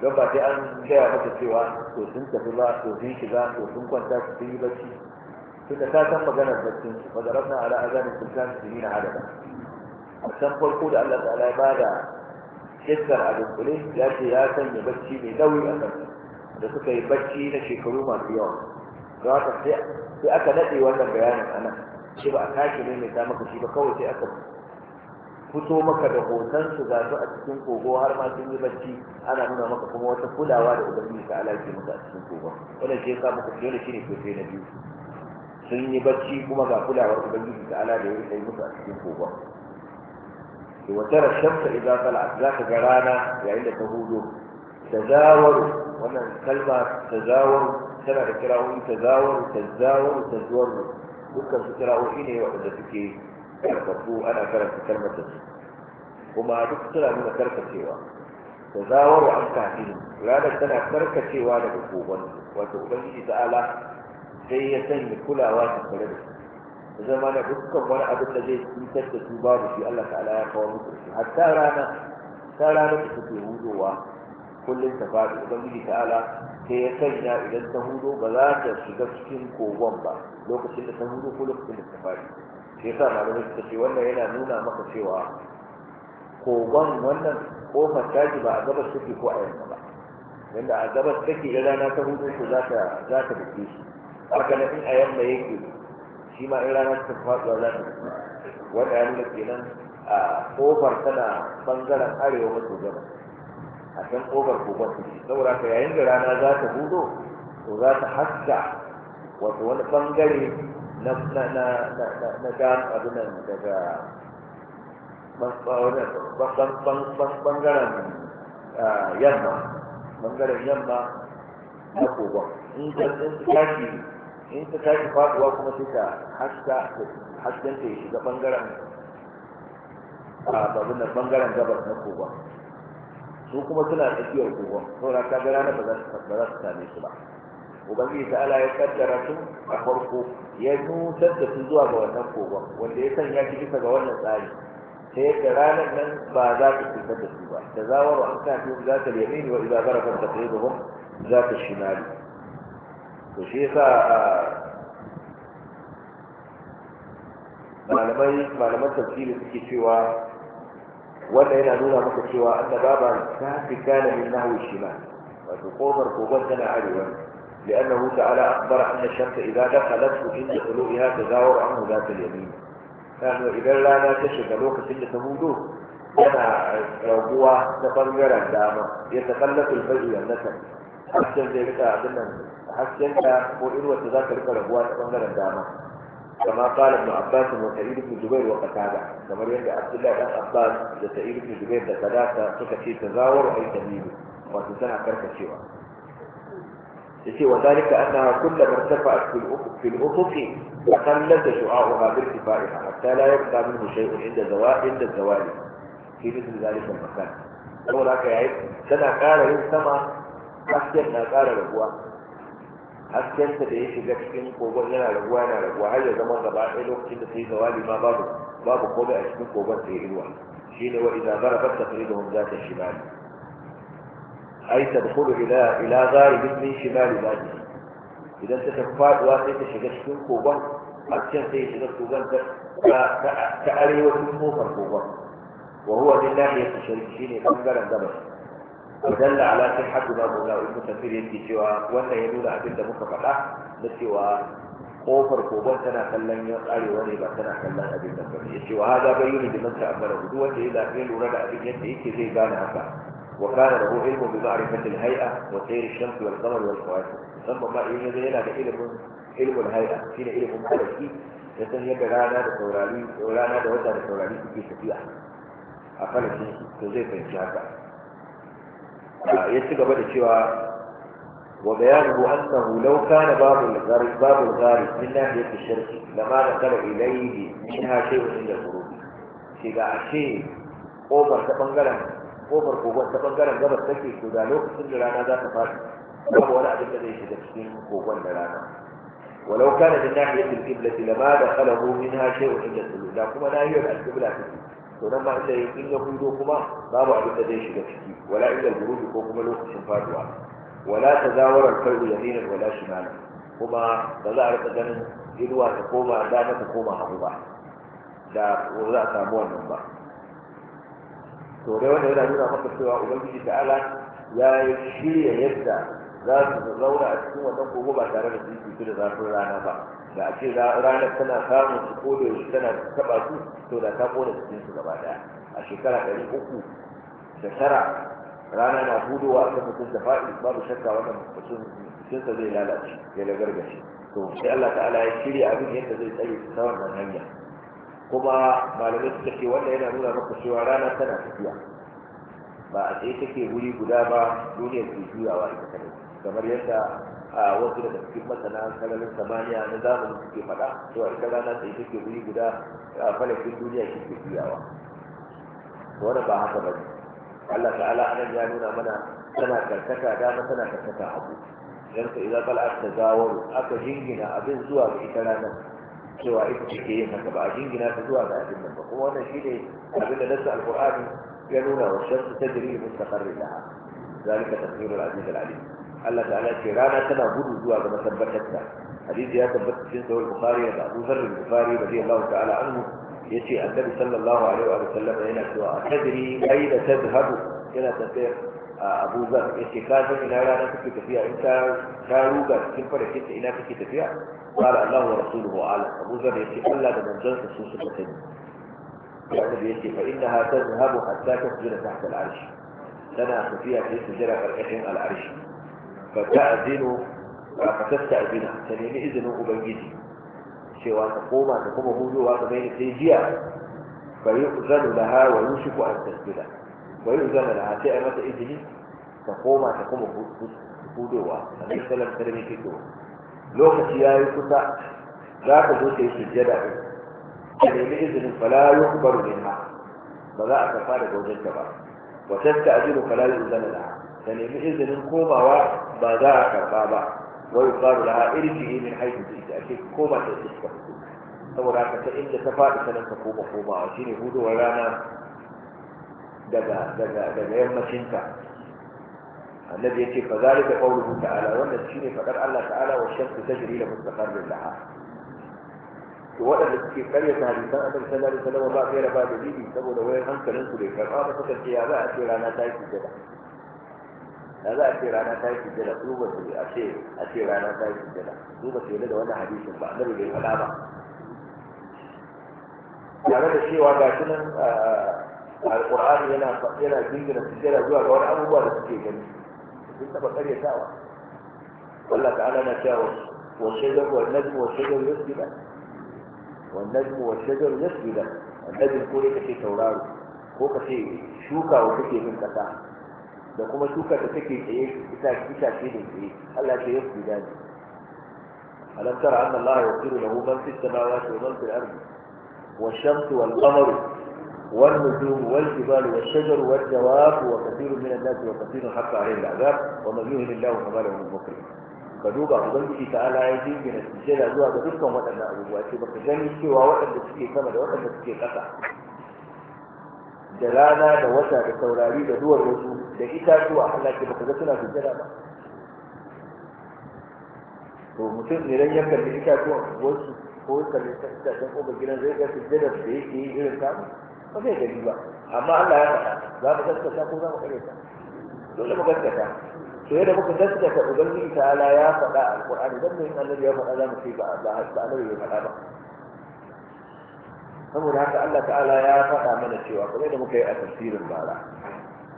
don ba sai an gaya maka cewa to sun tafi ba to sun shiga to sun kwanta su sun yi bacci da ta san maganar baccin su ba zarafna ala azanin sultan su yi na adada a san farko da Allah ta'ala ya bada iskar a dunkule ya ce ya sanya bacci mai nauyi a kan da suka yi bacci na shekaru masu yawa don haka sai aka naɗe wannan bayanin a nan shi ba a tashi ne mai ta maka shi ba kawai sai aka fito maka da hoton su ga su a cikin kogo har ma sun yi bacci ana nuna maka kuma wata kulawa da ubangiji ta ala ke maka a cikin kogon wannan shi yasa muka dole shine kofe na biyu sun yi bacci kuma ga kulawar ubangiji ta ala da ya yi musu a cikin kogon to wata rashamta idan tala za ka ga rana yayin da ta hudo tazawaru wannan kalma tazawaru tana da kirawoyi tazawaru tazawaru tazawaru dukkan su kirawoyi ne waɗanda suke karfafu ana karanta kalmar da kuma duk suna nuna karkacewa da zawar an kafin ranar tana karkacewa daga kogon wato ubangiji ta'ala sai ya sanya kulawa ta tare da su da zama na dukkan wani abin da zai cutar da su babu shi Allah ta'ala ya kawo musu shi hatta rana ta rana da take hudowa kullum ta faɗi ubangiji ta'ala sai ya sanya idan ta hudo ba za ta shiga cikin kogon ba lokacin da ta hudo ko lokacin da ta faɗi shi yasa malamai suka ce wannan yana nuna maka cewa kogon wannan kofar taki ba a gabas take ko a yamma ba yanda a gabas take da rana ta hudu ko za ta za ta dace shi haka na in a yamma yake shi ma in rana ta faɗuwa za ta dace wanda ya nuna kenan a kofar tana bangaren arewa maso gabas a can kofar kogon take saboda haka yayin da rana za ta hudo to za ta haska wato wani bangare na na na na gano abin nan daga bangaren ah, yamma bangaren yamma na kogon in ka tashi in ka tashi faduwa kuma sai ka haska hasken ta shiga bangaren ah, abin nan bangaren gabas na kogon su kuma suna tsakiyar kogon saboda ka ga rana ba za su same su ba ubangiji ta'ala ya kaddara su a farko ya nutar da su zuwa ga wannan kogon wanda ya sanya shi bisa ga wannan tsari ta yadda ranar nan ba za ta cutar da su ba da zawaro an kafin za ta yamini wa iza zarafar ta tsaye gaban za ta shinari to shi yasa malamai malaman tafsiri suke cewa wanda yana nuna maka cewa annaba ba ta fi kana min nahwi shimal wato kofar kogon tana arewa لأنه تعالى أخبر أن الشمس إذا ذ ا دخلت ف خلوها تزاور عنه ذات اليمين نحن إذا لا نكشف لوك سنة ثمودوه كما ربوا تطنجرا داما يتخلف الفجر والنسب حسن زي بتاع عدنا حسن لا وان وتذاكر كربوا تطنجرا داما كما قال ابن عباس وسعيد بن زبير وقتاده كما يرد عبد الله بن عباس وسعيد بن زبير ذكرات تكفي تزاور اي تميل وتسنع كرك الشيوخ سوى وذلك أنها كلما ارتفعت في الأفق وقلت شعاعها بارتفاعها حتى لا يبقى منه شيء عند زوال عند الزوال في مثل ذلك المكان هو يا عيب سنة قال سما أحسن ما قال ربوة أحسن تدعيش لكشكين قوبان لنا ربوة أنا ربوة هل زمان غباء إلوك إيه إن في زوال ما بابه بابه قوبة أشبك قوبان في إلوه شين وإذا ضربت تقريبهم ذات الشمال ai tadkhulu ila ila gharib min shimali badi idan ta faduwa sai ta shiga cikin kogon harshen sai shiga kogon ta arewacin kofar kogon wa huwa lillahi ya bangaren gabas ودل على صحة ما مولا ابن كثير yake cewa wannan ya nuna abinda da muka faɗa na cewa kofar kogon tana kallon yan arewa ne ba tana kallon abin da bane yace wa hada bayyana da man wanda ya zabe lura da abin yadda yake zai gane haka وكان له علم بمعرفة الهيئة وسير الشمس والقمر والكواكب ثم ما إيه هذا علم إيه إيه علم الهيئة فينا علم مالكي لكن يبقى رانا نادى ثورالي ولا نادى wata ثورالي في suke tafiya a falakin to zai fahimci haka ya ci وبيانه أنه لو كان باب الغارب باب الغارب من ناحية الشرق لما نقل إليه منها شيء عند الغروب. شيء شيء أوبر تبنغلن kofar kogon ta bangaren gabas take to da lokacin da rana za ta faɗi babu wani abin da zai shiga cikin kogon da rana walau kana min nahiyatil qiblati lama dakhalahu minha shay'un illa sulul da da kuma nahiyar al-qibla take to nan ma inda in ya hudo kuma babu abin da zai shiga ciki wala illa al ko kuma lokacin faduwa wala tazawara al-qalbu yaminan wala shimalan kuma ba za a rika ganin inuwa ta koma dama ta koma hagu ba da za a samu wannan ba to dai wanda yana nuna maka cewa ubangiji ta'ala ya yi shirya yadda za su zauna a cikin wannan kogo ba tare da sun cutu da zafin rana ba da a ce ranar tana samun su ko da yaushe tana taba su to da ta kona cikin su gaba daya a shekara ɗari uku da tara rana na hudowa ta mutum da faɗi babu shakka wannan mutum sa zai lalace ya lagargace to sai Allah ta'ala ya shirya abin yadda zai tsaye ta wannan hanya kuma malamai suka ce wannan yana nuna maka cewa rana tana tafiya ba a tsaye take wuri guda ba duniyar ke juyawa ita kare. kamar yadda a wasu daga cikin masana sararin samaniya na zamani suke faɗa cewa ita rana tsaye take wuri guda a falakin duniya shi ke juyawa wannan ba haka ba ne Allah ta'ala anan ya nuna mana tana karkata dama tana karkata abu. yanka idan bala'at ta zawaro aka jingina abin zuwa ga ita ranar cewa ita ce ke yin haka ba a jingina ta zuwa ga abin nan ba kuma wannan shi ne abin da nasa alkur'ani ya nuna wa shamsu ta jiri mustaqarrin laha zalika tafsirul aziz al-alim Allah ta'ala ce rana tana gudu zuwa ga masabbatarta hadisi ya tabbata cikin sahih bukhari da Abu Dharr al-Bukhari radiyallahu ta'ala anhu yace annabi sallallahu alaihi wa sallam yana cewa tadri ayna tadhhabu yana tafsir Abu Dharr yace ka san ina rana take tafiya in ka ruga cikin farakin ina kake tafiya قال الله ورسوله أعلم أبو ذر يأتي ألا بمنزل خصوص القتل يعني يأتي فإنها تذهب حتى تسجن تحت العرش سنة خفية في سجرة فرقهم العرش فتأذن فتستأذن سنين إذن أبنجدي شيء وأن تقوم أن تقوم هو وأن تبين التيجية فيؤذن لها ويوشك أن تسجن ويؤذن لها تأمة إذن تقوم أن تقوم هو وأن تسلم سلمي في الدور lokaci ya yi kusa za ka zo ka yi sujjada ɗin ka nemi izinin fala ku kubaru min ha ba za a kafa da wajen ta ba wa tatta ajiru fala yi uzana da ka nemi izinin komawa ba za a karba ba wa yi faru da ha irki min haihu da ita ake koma ta iska saboda haka ta inda ta faɗi sanin ka koma komawa ne hudowar rana daga daga daga الذي يأتي فذلك قوله تعالى والنسكين فقال ألا تعالى والشمس تجري له لمستقر لها وقال في قرية هذه أبن صلى الله عليه وسلم الله خير بعد ذي ذي سبو لو يرهم كننك لك فقال فقد القيابة أشير أنا تايك الجلع هذا أشير أنا تايك الجلع ثوبة أشير أشير أنا تايك الجلع ثوبة يلد وانا حديث بأمر للعلامة يعني هذا الشيء وقع شنن آه، آه، القرآن ينا ينا زنجنا في الجلع جوا جوا أبو بارك كيف sun taɓa karyatawa Allah ta'ala na cewa wa shajar wa najmu wa shajar yasjuda wa najmu wa shajar yasjuda annabin ko dai kace tauraro ko kace shuka wa kake bin kasa da kuma shuka da take tsaye ita ita ce ne tsaye Allah ya yasjuda ne alam tara anna Allah yaqiru lahu man fis samawati wa man fil ardi والشمس qamaru والنجوم والجبال والشجر والدواب وكثير من الناس وكثير حتى عليه العذاب وما يهن الله فما له من مكرم كذوب أفضل به تعالى عيدين من السجل أدوها بذلكم وأن أعلموا أتي بقجاني سوى وأن تسكي الثمن وأن تسكي القطع جلانا دوتا بالتوراوي دو الرسول لإتا سوى أحلا في بقجتنا في الجلانة ومتن نرين يمكن لإتا سوى وصف هو كان يستخدم أبو جنازة في الجلد في إيه ba zai gani ba amma Allah ya faɗa za mu gaskata ko za mu kare ta dole mu gaskata to yadda muka gaskata ubangiji ta'ala ya faɗa alqur'ani dan mai annabi ya faɗa za mu ce ba ba annabi ya faɗa ba saboda haka Allah ta'ala ya faɗa mana cewa kuma da muka yi a tafsirin bara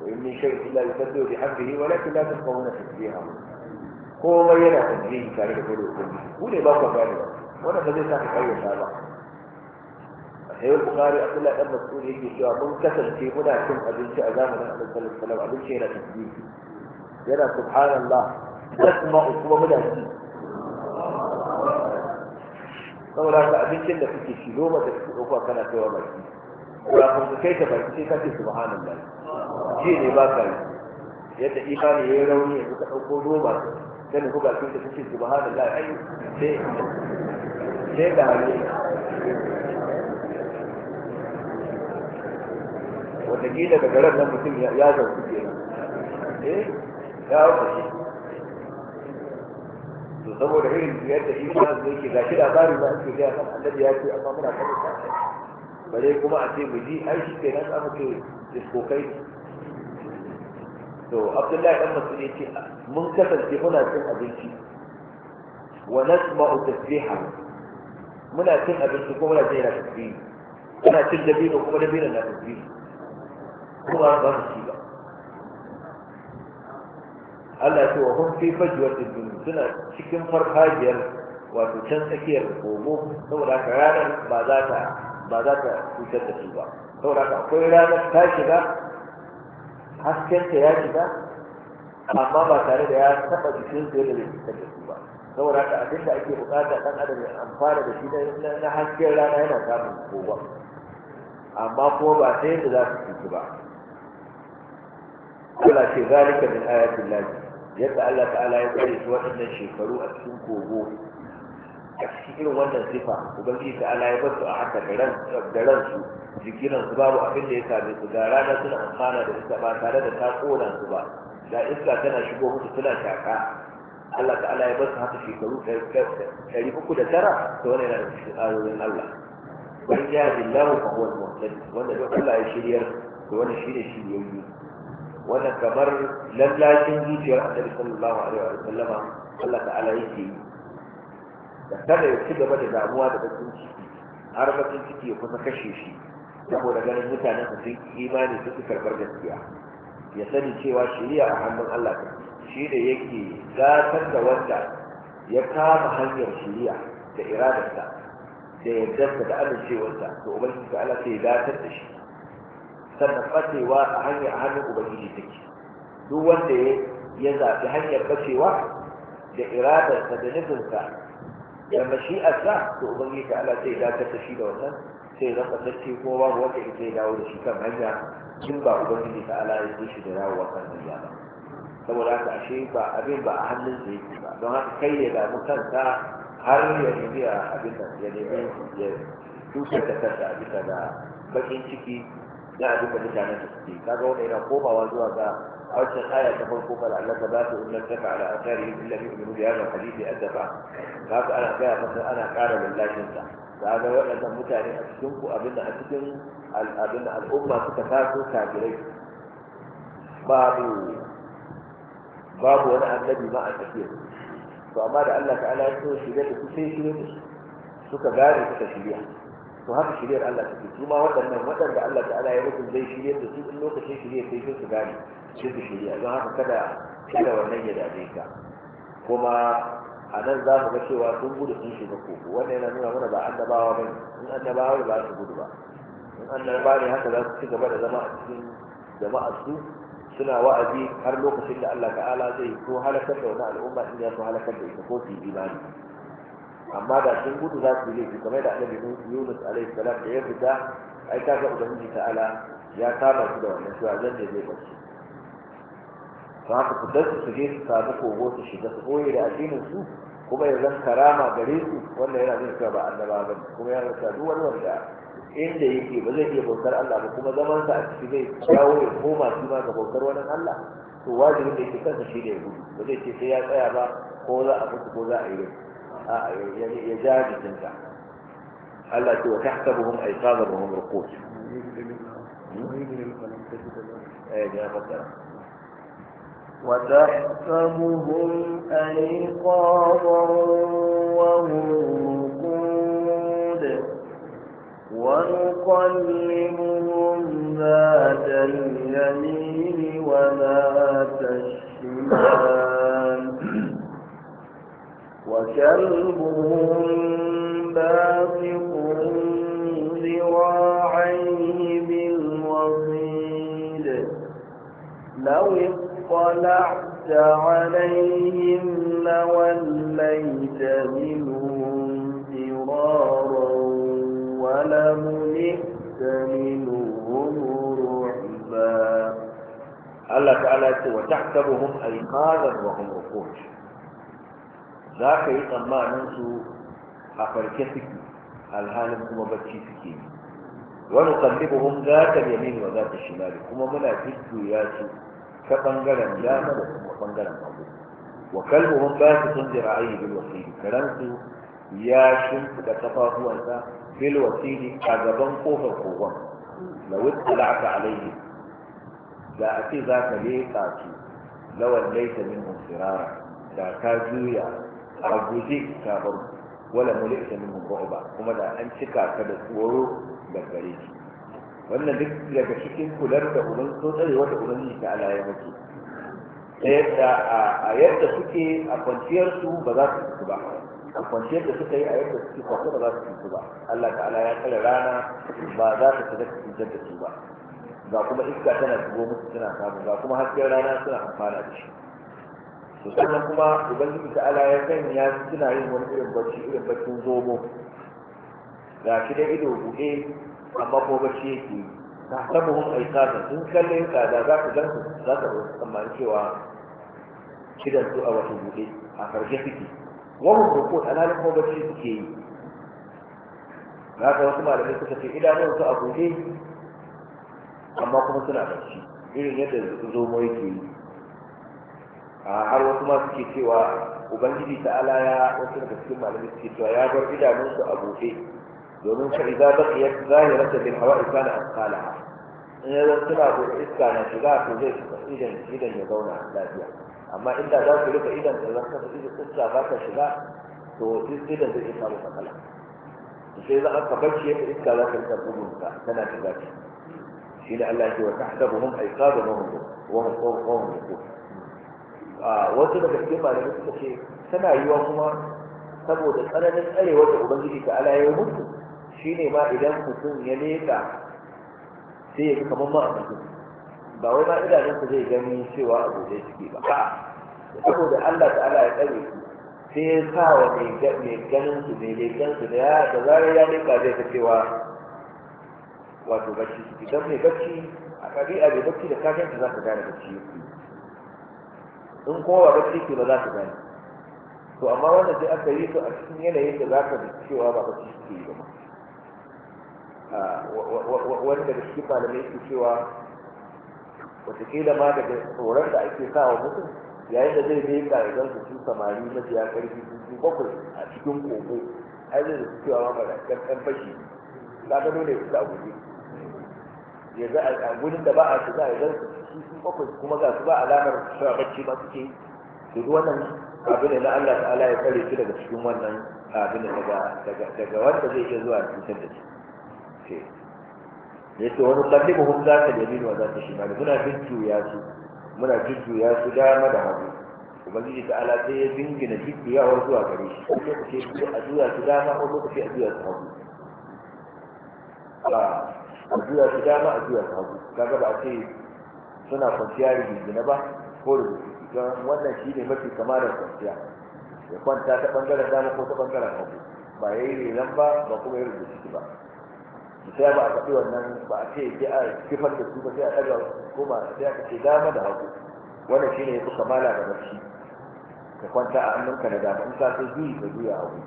wa in min shay'in illa yusabbihu bihamdihi walakin la tafqahuna tasbihahu komai yana tasbihi tare da gudu ku ne ba ku gane ba wannan ba zai sa ka kayyata ba هي البخاري عبد الله بن مسعود يجي شو منكسر في هنا كم أبن شو أزامنا عليه الصلاة والسلام أبن شيء لا تجدين يلا سبحان الله تسمع وسوى من هذا نقول لا أبن شيء لا تجدين شو لو ما تجدين أقوى كنا سوى ما تجدين ولكن كيف بس كيف تجدين سبحان الله جيني باكر يد إيمان يروني وتحقوه ما تجدين هو بس كيف تجدين سبحان الله أي شيء شيء ده wataƙila daga ran nan mutum ya zarfi ke nan eh ya hauka shi to saboda irin da imanin zai yake gashi labarin da ake gaya kan annabi ya ce amma muna kan ta bare kuma a ce mu ji ai shi kenan za mu ce diskokai to abdullahi dan masu ne ce mun kasance muna cin abinci wa nasma'u tasbiha muna cin abinci kuma muna jin yana tasbihi muna cin dabino kuma dabino na tasbihi kuma ba za su ci ba Allah ce wa hun fi da dunya suna cikin farfajiyar wato can tsakiyar kogo saboda haka ranar ba za ta ba za ta cutar da su ba saboda haka akwai ranar ta shiga haskenta ya shiga amma ba tare da ya taba jikin su yadda zai cutar da su ba saboda haka abin da ake bukata dan adam ya amfana da shi na hasken rana yana samun kowa amma kuma ba ta yadda za su cutu ba Allah ce zalika min ayatin lahi yadda Allah ta'ala ya tsare su waɗannan shekaru a cikin kogo a cikin irin wannan sifa ubangiji ta'ala ya bar su a haka da ransu jikinan su babu abin da ya same su ga rana suna amfana da iska ba tare da ta kona su ba da iska tana shigo musu suna shaƙa. Allah ta'ala ya bar su haka shekaru ɗari uku da tara ta wani yana da cikin ayoyin Allah wani ya billahu fa huwa al-muhtadi wanda duk Allah ya shiryar to wani shine shiryayye wannan kamar lallacin zuciyar annabi sallallahu alaihi wa sallama Allah ta'ala yake yi da kada ya ci gaba da damuwa da bakin ciki har bakin ciki ya kusa kashe shi saboda ganin mutanen su sun imani su karɓar gaskiya ya sani cewa shari'a a hannun Allah ta shi ne yake gatar da wanda ya kama hanyar shari'a da iradarsa da yardarsa da amincewarsa to ubangiji Allah sai ya gatar da shi sannan fashewa a hanyar hannun ubangiji take duk wanda ya zaɓi hanyar fashewa da iradarsa da nufinsa da mashi'arsa to ubangiji ta Allah sai dakatar da shi da wannan sai zan ɓatacce ko babu wanda ya zai dawo da shi kan hanya in ba ubangiji ta Allah ya shi da dawowa kan hanya ba saboda haka ashe ba abin ba a hannun sa yake ba don haka kai ya damu kansa har ya nemi abin da ya nemi ya tutar da kansa a bisa da bakin ciki da abin da mutanen da suke kaga wannan yana komawa zuwa ga wancan aya ta farko kan Allah ta ba su in lam tafa ala athari illa bi ibn bi hadha hadithi adafa kaga ana ga masa ana ƙara lallashin sa kaga waɗannan mutane a cikin ku abin da a cikin abin da al'umma suka taso kafirai babu babu wani annabi ma a tafiya to amma da Allah ta'ala ya so shirye da su sai shirye da su suka gane suka shirya to haka shiriyar Allah take su ma waɗannan waɗanda Allah ta'ala ya rukun zai shirye da su in lokacin shirye sai sai su gane sai su shirya don haka kada kada wannan ya dame ka kuma a nan za mu ga cewa sun gudu sun shiga koko wannan yana nuna mana ba annabawa ba ne in annabawa ba su gudu ba in annabawa ne haka za su ci gaba da zama a cikin jama'a su suna wa'azi har lokacin da Allah ta'ala zai ko halakar da wani al'umma in ya so halakar da ita ko su yi imani amma da sun gudu za su yi laifi kamar da annabi yunus alaihi salam da ya fita ai ka ga ubangiji ta'ala ya kama su da wannan cewa azan ne zai bace to ku fitar su je su samu kogo su shiga su koyi da addinin su kuma ya zan karama gare su wanda yana zai cewa ba annaba ba kuma ya rasa duk wani wanda inda yake ba zai iya bautar Allah ba kuma zaman sa a ciki zai kawo ya koma shi ma ga bautar wani Allah to wajibin da yake kansa shi ne ya gudu ba zai ce sai ya tsaya ba ko za a mutu ko za a yi rufi. آه، يعني يجاهد الجنزع ألا إيه، وتحسبهم أيقاظا وهم رقود وتحسبهم أيقاظا وهم رقود ونقلبهم ذات اليمين وذات الشمال وكلبهم باسق ذراعيه بالوصيد لو اطلعت عليهم لوليت منهم فرارا ولملئت منهم رعبا الله تعالى وتحسبهم أيقاظا وهم رقود za ka yi tsammanin su a farke suke alhalin kuma bacci suke yi wani kallibuhun za ta yamin wa za ta shimali kuma muna fito ya ce ta ɓangaren dama da kuma ɓangaren abu wa kalbuhun ba su sun jira ayi bil wasili karansu ya shimfiɗa kafafuwansa bil wasili a gaban kofar kogon lawit ala'ata alaihi da a ce za ka leƙa su lawan laita min musirara da ka juya a guje ka bar wala mulika min ba kuma da an cika ka da tsoro da gare shi wannan duk daga cikin kular da uban so tsare wata ubangiji ta Allah ya mutu yadda a yadda suke a kwanciyar su ba za su fito ba a kwanciyar da suka yi a yadda suke kwaso ba za su fito ba Allah ta'ala ya tsare rana ba za ta fita ta cutar da su ba ga kuma iska tana shigo musu suna samu ga kuma hasken rana suna amfana da shi to kuma, kuma ubangiji ta ala ya sanya ya suna yin wani irin bacci irin baccin zobo ga shi da ido buɗe amma ko bacci yake yi ta samu hun aikata sun kalle ka tsada za ka gan su za ka tsammani cewa kidan su a wata buɗe a karshe suke wahun rukun alalin ko bacci suke yi haka wasu malamai suka ce idanun su a buɗe amma kuma suna bacci irin yadda zomo yake yi har wasu ma suke cewa ubangiji ta'ala ya wasu daga cikin malamai suke cewa ya bar idanunsu a buɗe domin fa idza baqiyat zahirata hawa hawa'i da asqalaha in ya zan suna buɗe iska na shiga to zai idan idan ya zauna lafiya amma inda za su rufe idan da zan kasa idan iska ba ta shiga to duk idan zai iya samun matsala sai za a kabarci yadda iska za ta rika bugunta tana shiga ce shi ne Allah ya ce wa tahsabuhum ayqadahum wa hum wa hum wasu daga cikin malamai suka ce tana yiwa kuma saboda tsananin tsarewar da ubangiji ta ala ya mutu shine ma idan mutum ya leka sai ya fi kamar ma a mutum ba wai ma idanunsa zai gani cewa abu zai ciki ba ba saboda Allah ta'ala ya tsare su sai ya sa wa mai ganin su mai leƙen su da da zarar ya leka zai ta cewa wato bacci su idan mai bacci a a mai bacci da kashin za ka gane bacci in kowa ba ciki ba za ka gane to amma wannan sai aka yi su a cikin yanayin da za ka bi cewa ba ba suke yi ba wani daga cikin malamai su cewa wataƙila ma daga tsoron da ake wa mutum yayin da zai je idan su su samari na siya karfi su bakwai a cikin kogo har zai su cewa ma da ƙarƙar fashi ka ga dole su a guje yanzu a gudun da ba a shiga a idan su su su bakwai kuma ga su ba alamar cewa ba suke duk wannan abu ne na Allah ta'ala ya tsare su daga cikin wannan abin daga daga wanda zai iya zuwa cutar da shi ne ce wani kallibu hum za ta da wa za ta shi mali muna jujjuya su muna jujjuya su dama da hagu ta ta'ala sai ya dingina jujjuyawar zuwa gare shi ko sai a juya su dama ko sai a juya su hagu a juya su dama a juya su hagu kaga ba a ce suna kwanciya rigingine ba ko da rigingine don wannan shi ne mafi kama da kwanciya ya kwanta ta bangaren dama ko ta bangaren hagu ba ya yi relan ba ba kuma ya rubuta ba sai ba a kaɗi wannan ba a ce ya a kifar da su ba sai a ɗaga kuma sai aka ce dama da hagu wannan shi ne ya fi kamala da barci ka kwanta a hannunka na dama in ka sai juyi ka juya hagu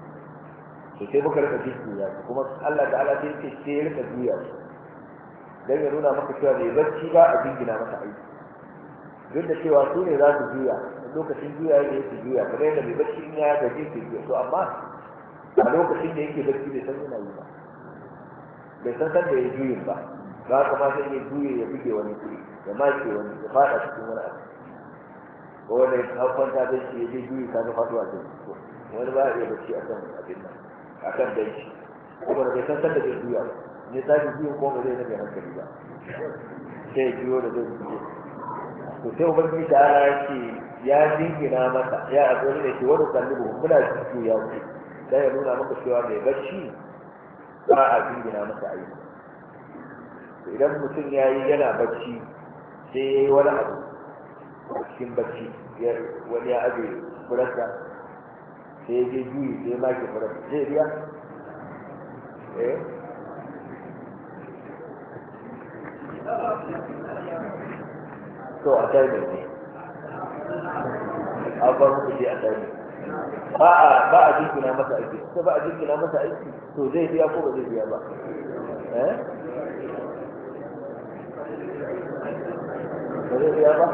to sai muka rika ya kuma Allah da Allah sai ya rika juya su don ya nuna maka cewa bai barci ba a jingina masa aiki duk da cewa su ne za su juya lokacin juya ne su juya kamar yadda mai barci in ya gaji su juya to amma a lokacin da yake barci bai san yana yi ba bai san san da ya juyin ba ba kama sai ya juye ya buge wani kuri ya ke wani ya fada cikin wani abu ko wani ya kwanta barci ya je juyi ka ga faduwa da wani ba ya iya barci a kan abin nan a kan benci kuma da bai san san da zai juya ba ne tashi biyu ko ba zai rage hankali ba sai biyo da zai biyo to sai ubangiji da ala yake ya jingina masa ya azuri da ke wani ba muna su ya wuce sai ya nuna maka cewa mai bacci ba a jingina masa yi idan mutum ya yi yana bacci sai ya yi wani abu a cikin bacci wani ya aje furarsa sai ya je juyi sai ya make furarsa zai biya eh to a tarbi ne a bar muku shi a tarbi ba a ba a jinkina masa aiki ko ba a jinkina masa aiki to zai biya ko ba zai biya ba eh ba zai biya ba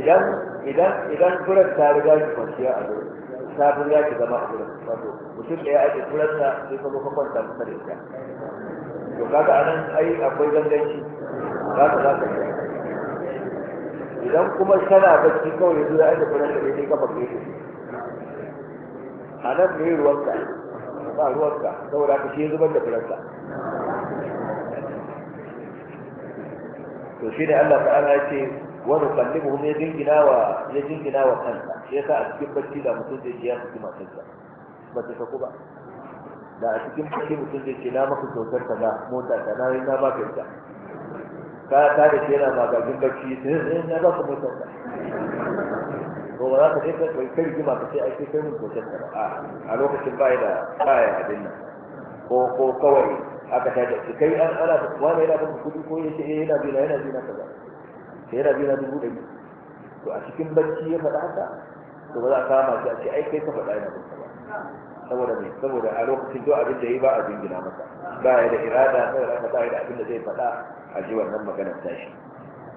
idan idan idan furar ta riga shi kwanciya a gurin ta riga shi zama a gurin wato mutum da ya aiki furar ta sai kuma kwanta kusa da ita to kaga anan ai akwai ganganci za ka za ka idan kuma kana bacci kawai zuwa ai da furan da ne kafa ke shi nan ne ruwanka ba ruwanka saboda ka shi zubar da furanka to shi ne Allah ta'ala ya ce kalli mu ne jingina wa ya jingina wa kansa shi yasa a cikin bacci da mutum zai ji ya fi masu ba ta saku ba da a cikin fashe mutum zai ce na maka kyautar ta na mota ta na yi na ba ka ita ka ta da ke yana magagin bacci sai eh, eh, na ba ka motar ta ko ba za ka je ka kai rigima ka ce ake kai mun kyautar ta ba a lokacin ba da kaya abin nan ko ko kawai aka ta da kai an ana wani yana bin kudi ko ya ce eh yana bi na yana bi na kaza sai yana bi na dubu ɗari to a cikin bacci ya faɗa haka to ba za a kama shi a ce ai kai ka faɗa yana bin ba saboda mai saboda a lokacin duk abin da yi ba a jingina masa ba ya da irada saboda haka ba ya da abin da zai faɗa a ji wannan maganar tashi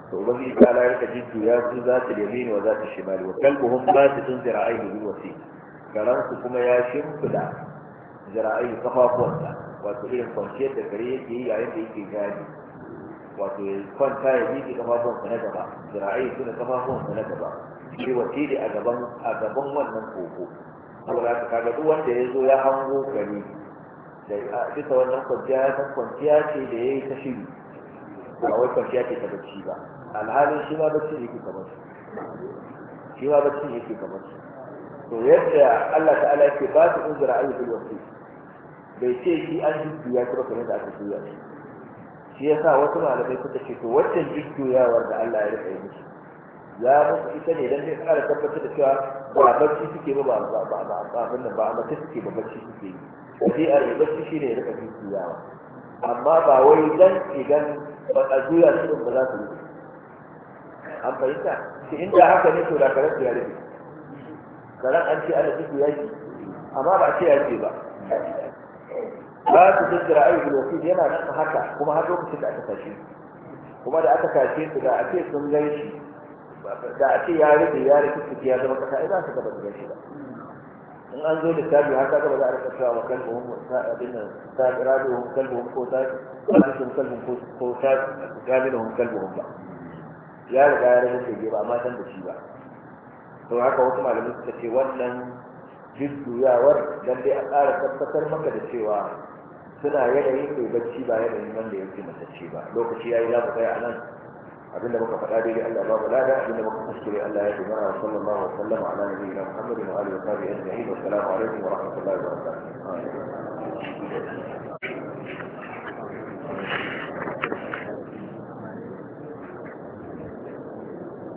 to ubangiji ta la rika ya su za su yamin wa za su shimali wa kalbuhum basitun zira'aihi bil wasi garansu kuma ya shimfida zira'aihi kafafuwansa wato irin kwanciyar da gari yake yi yayin da yake gadi wato ya kwanta ya miƙe kafafuwansa na gaba zira'aihi suna kafafuwansa na gaba shi wasili a gaban a gaban wannan koko saboda haka kaga duk wanda ya zo ya hango gari da bisa wannan kwanciya ya san kwanciya ce da ya yi ta shiri ba wai kwanciya ce ta bacci ba alhalin shi ma bacci ke kamar su shi ma bacci ke kamar su to yadda Allah ta'ala yake ba su uzura ayyukan wasu bai ce shi an jujjuya ya ba kamar da aka juya shi shi ya sa wasu malamai suka ce to waccan jujjuyawar da Allah ya rika yi musu ya musu ita ne don zai kara tabbatar da cewa ba bacci suke ba ba ba ba abin nan ba a mace suke ba bacci suke yi sai a yi bacci shine ya rika jijiyawa amma ba wai dan idan ba a juya su ba za su yi an fahimta shi inda haka ne to da karar ya rufe karar an ce ana jijiya shi amma ba a ce ya ce ba ba su jira ayyukan wakil yana nan haka kuma har lokacin da aka kashe. kuma da aka tashe su da a ce sun gan shi da a ce ya rufe ya rufe kuki ya zama kasa idan su gaba da shi ba in an zo da tabi haka gaba za a rika cewa wa kalbu hum abin nan ta rabu hum kalbu hum ko ta kalbu kalbu ko ko ta rabu hum kalbu hum ba ya riga ya rufe ba amma san da shi ba to haka wasu malamai suka ce wannan jujjuyawar dai a ƙara tabbatar maka da cewa suna yanayin mai bacci ba yanayin wanda ya fi matacce ba lokaci ya yi za mu tsaya a nan abinda muka faɗa daidai Allah babu lada abinda muka kuskure Allah ya dubara wa sallallahu alaihi wa sallam ala nabiyina muhammad wa alihi wa sahbihi ajma'in wa assalamu alaikum wa rahmatullahi wa barakatuh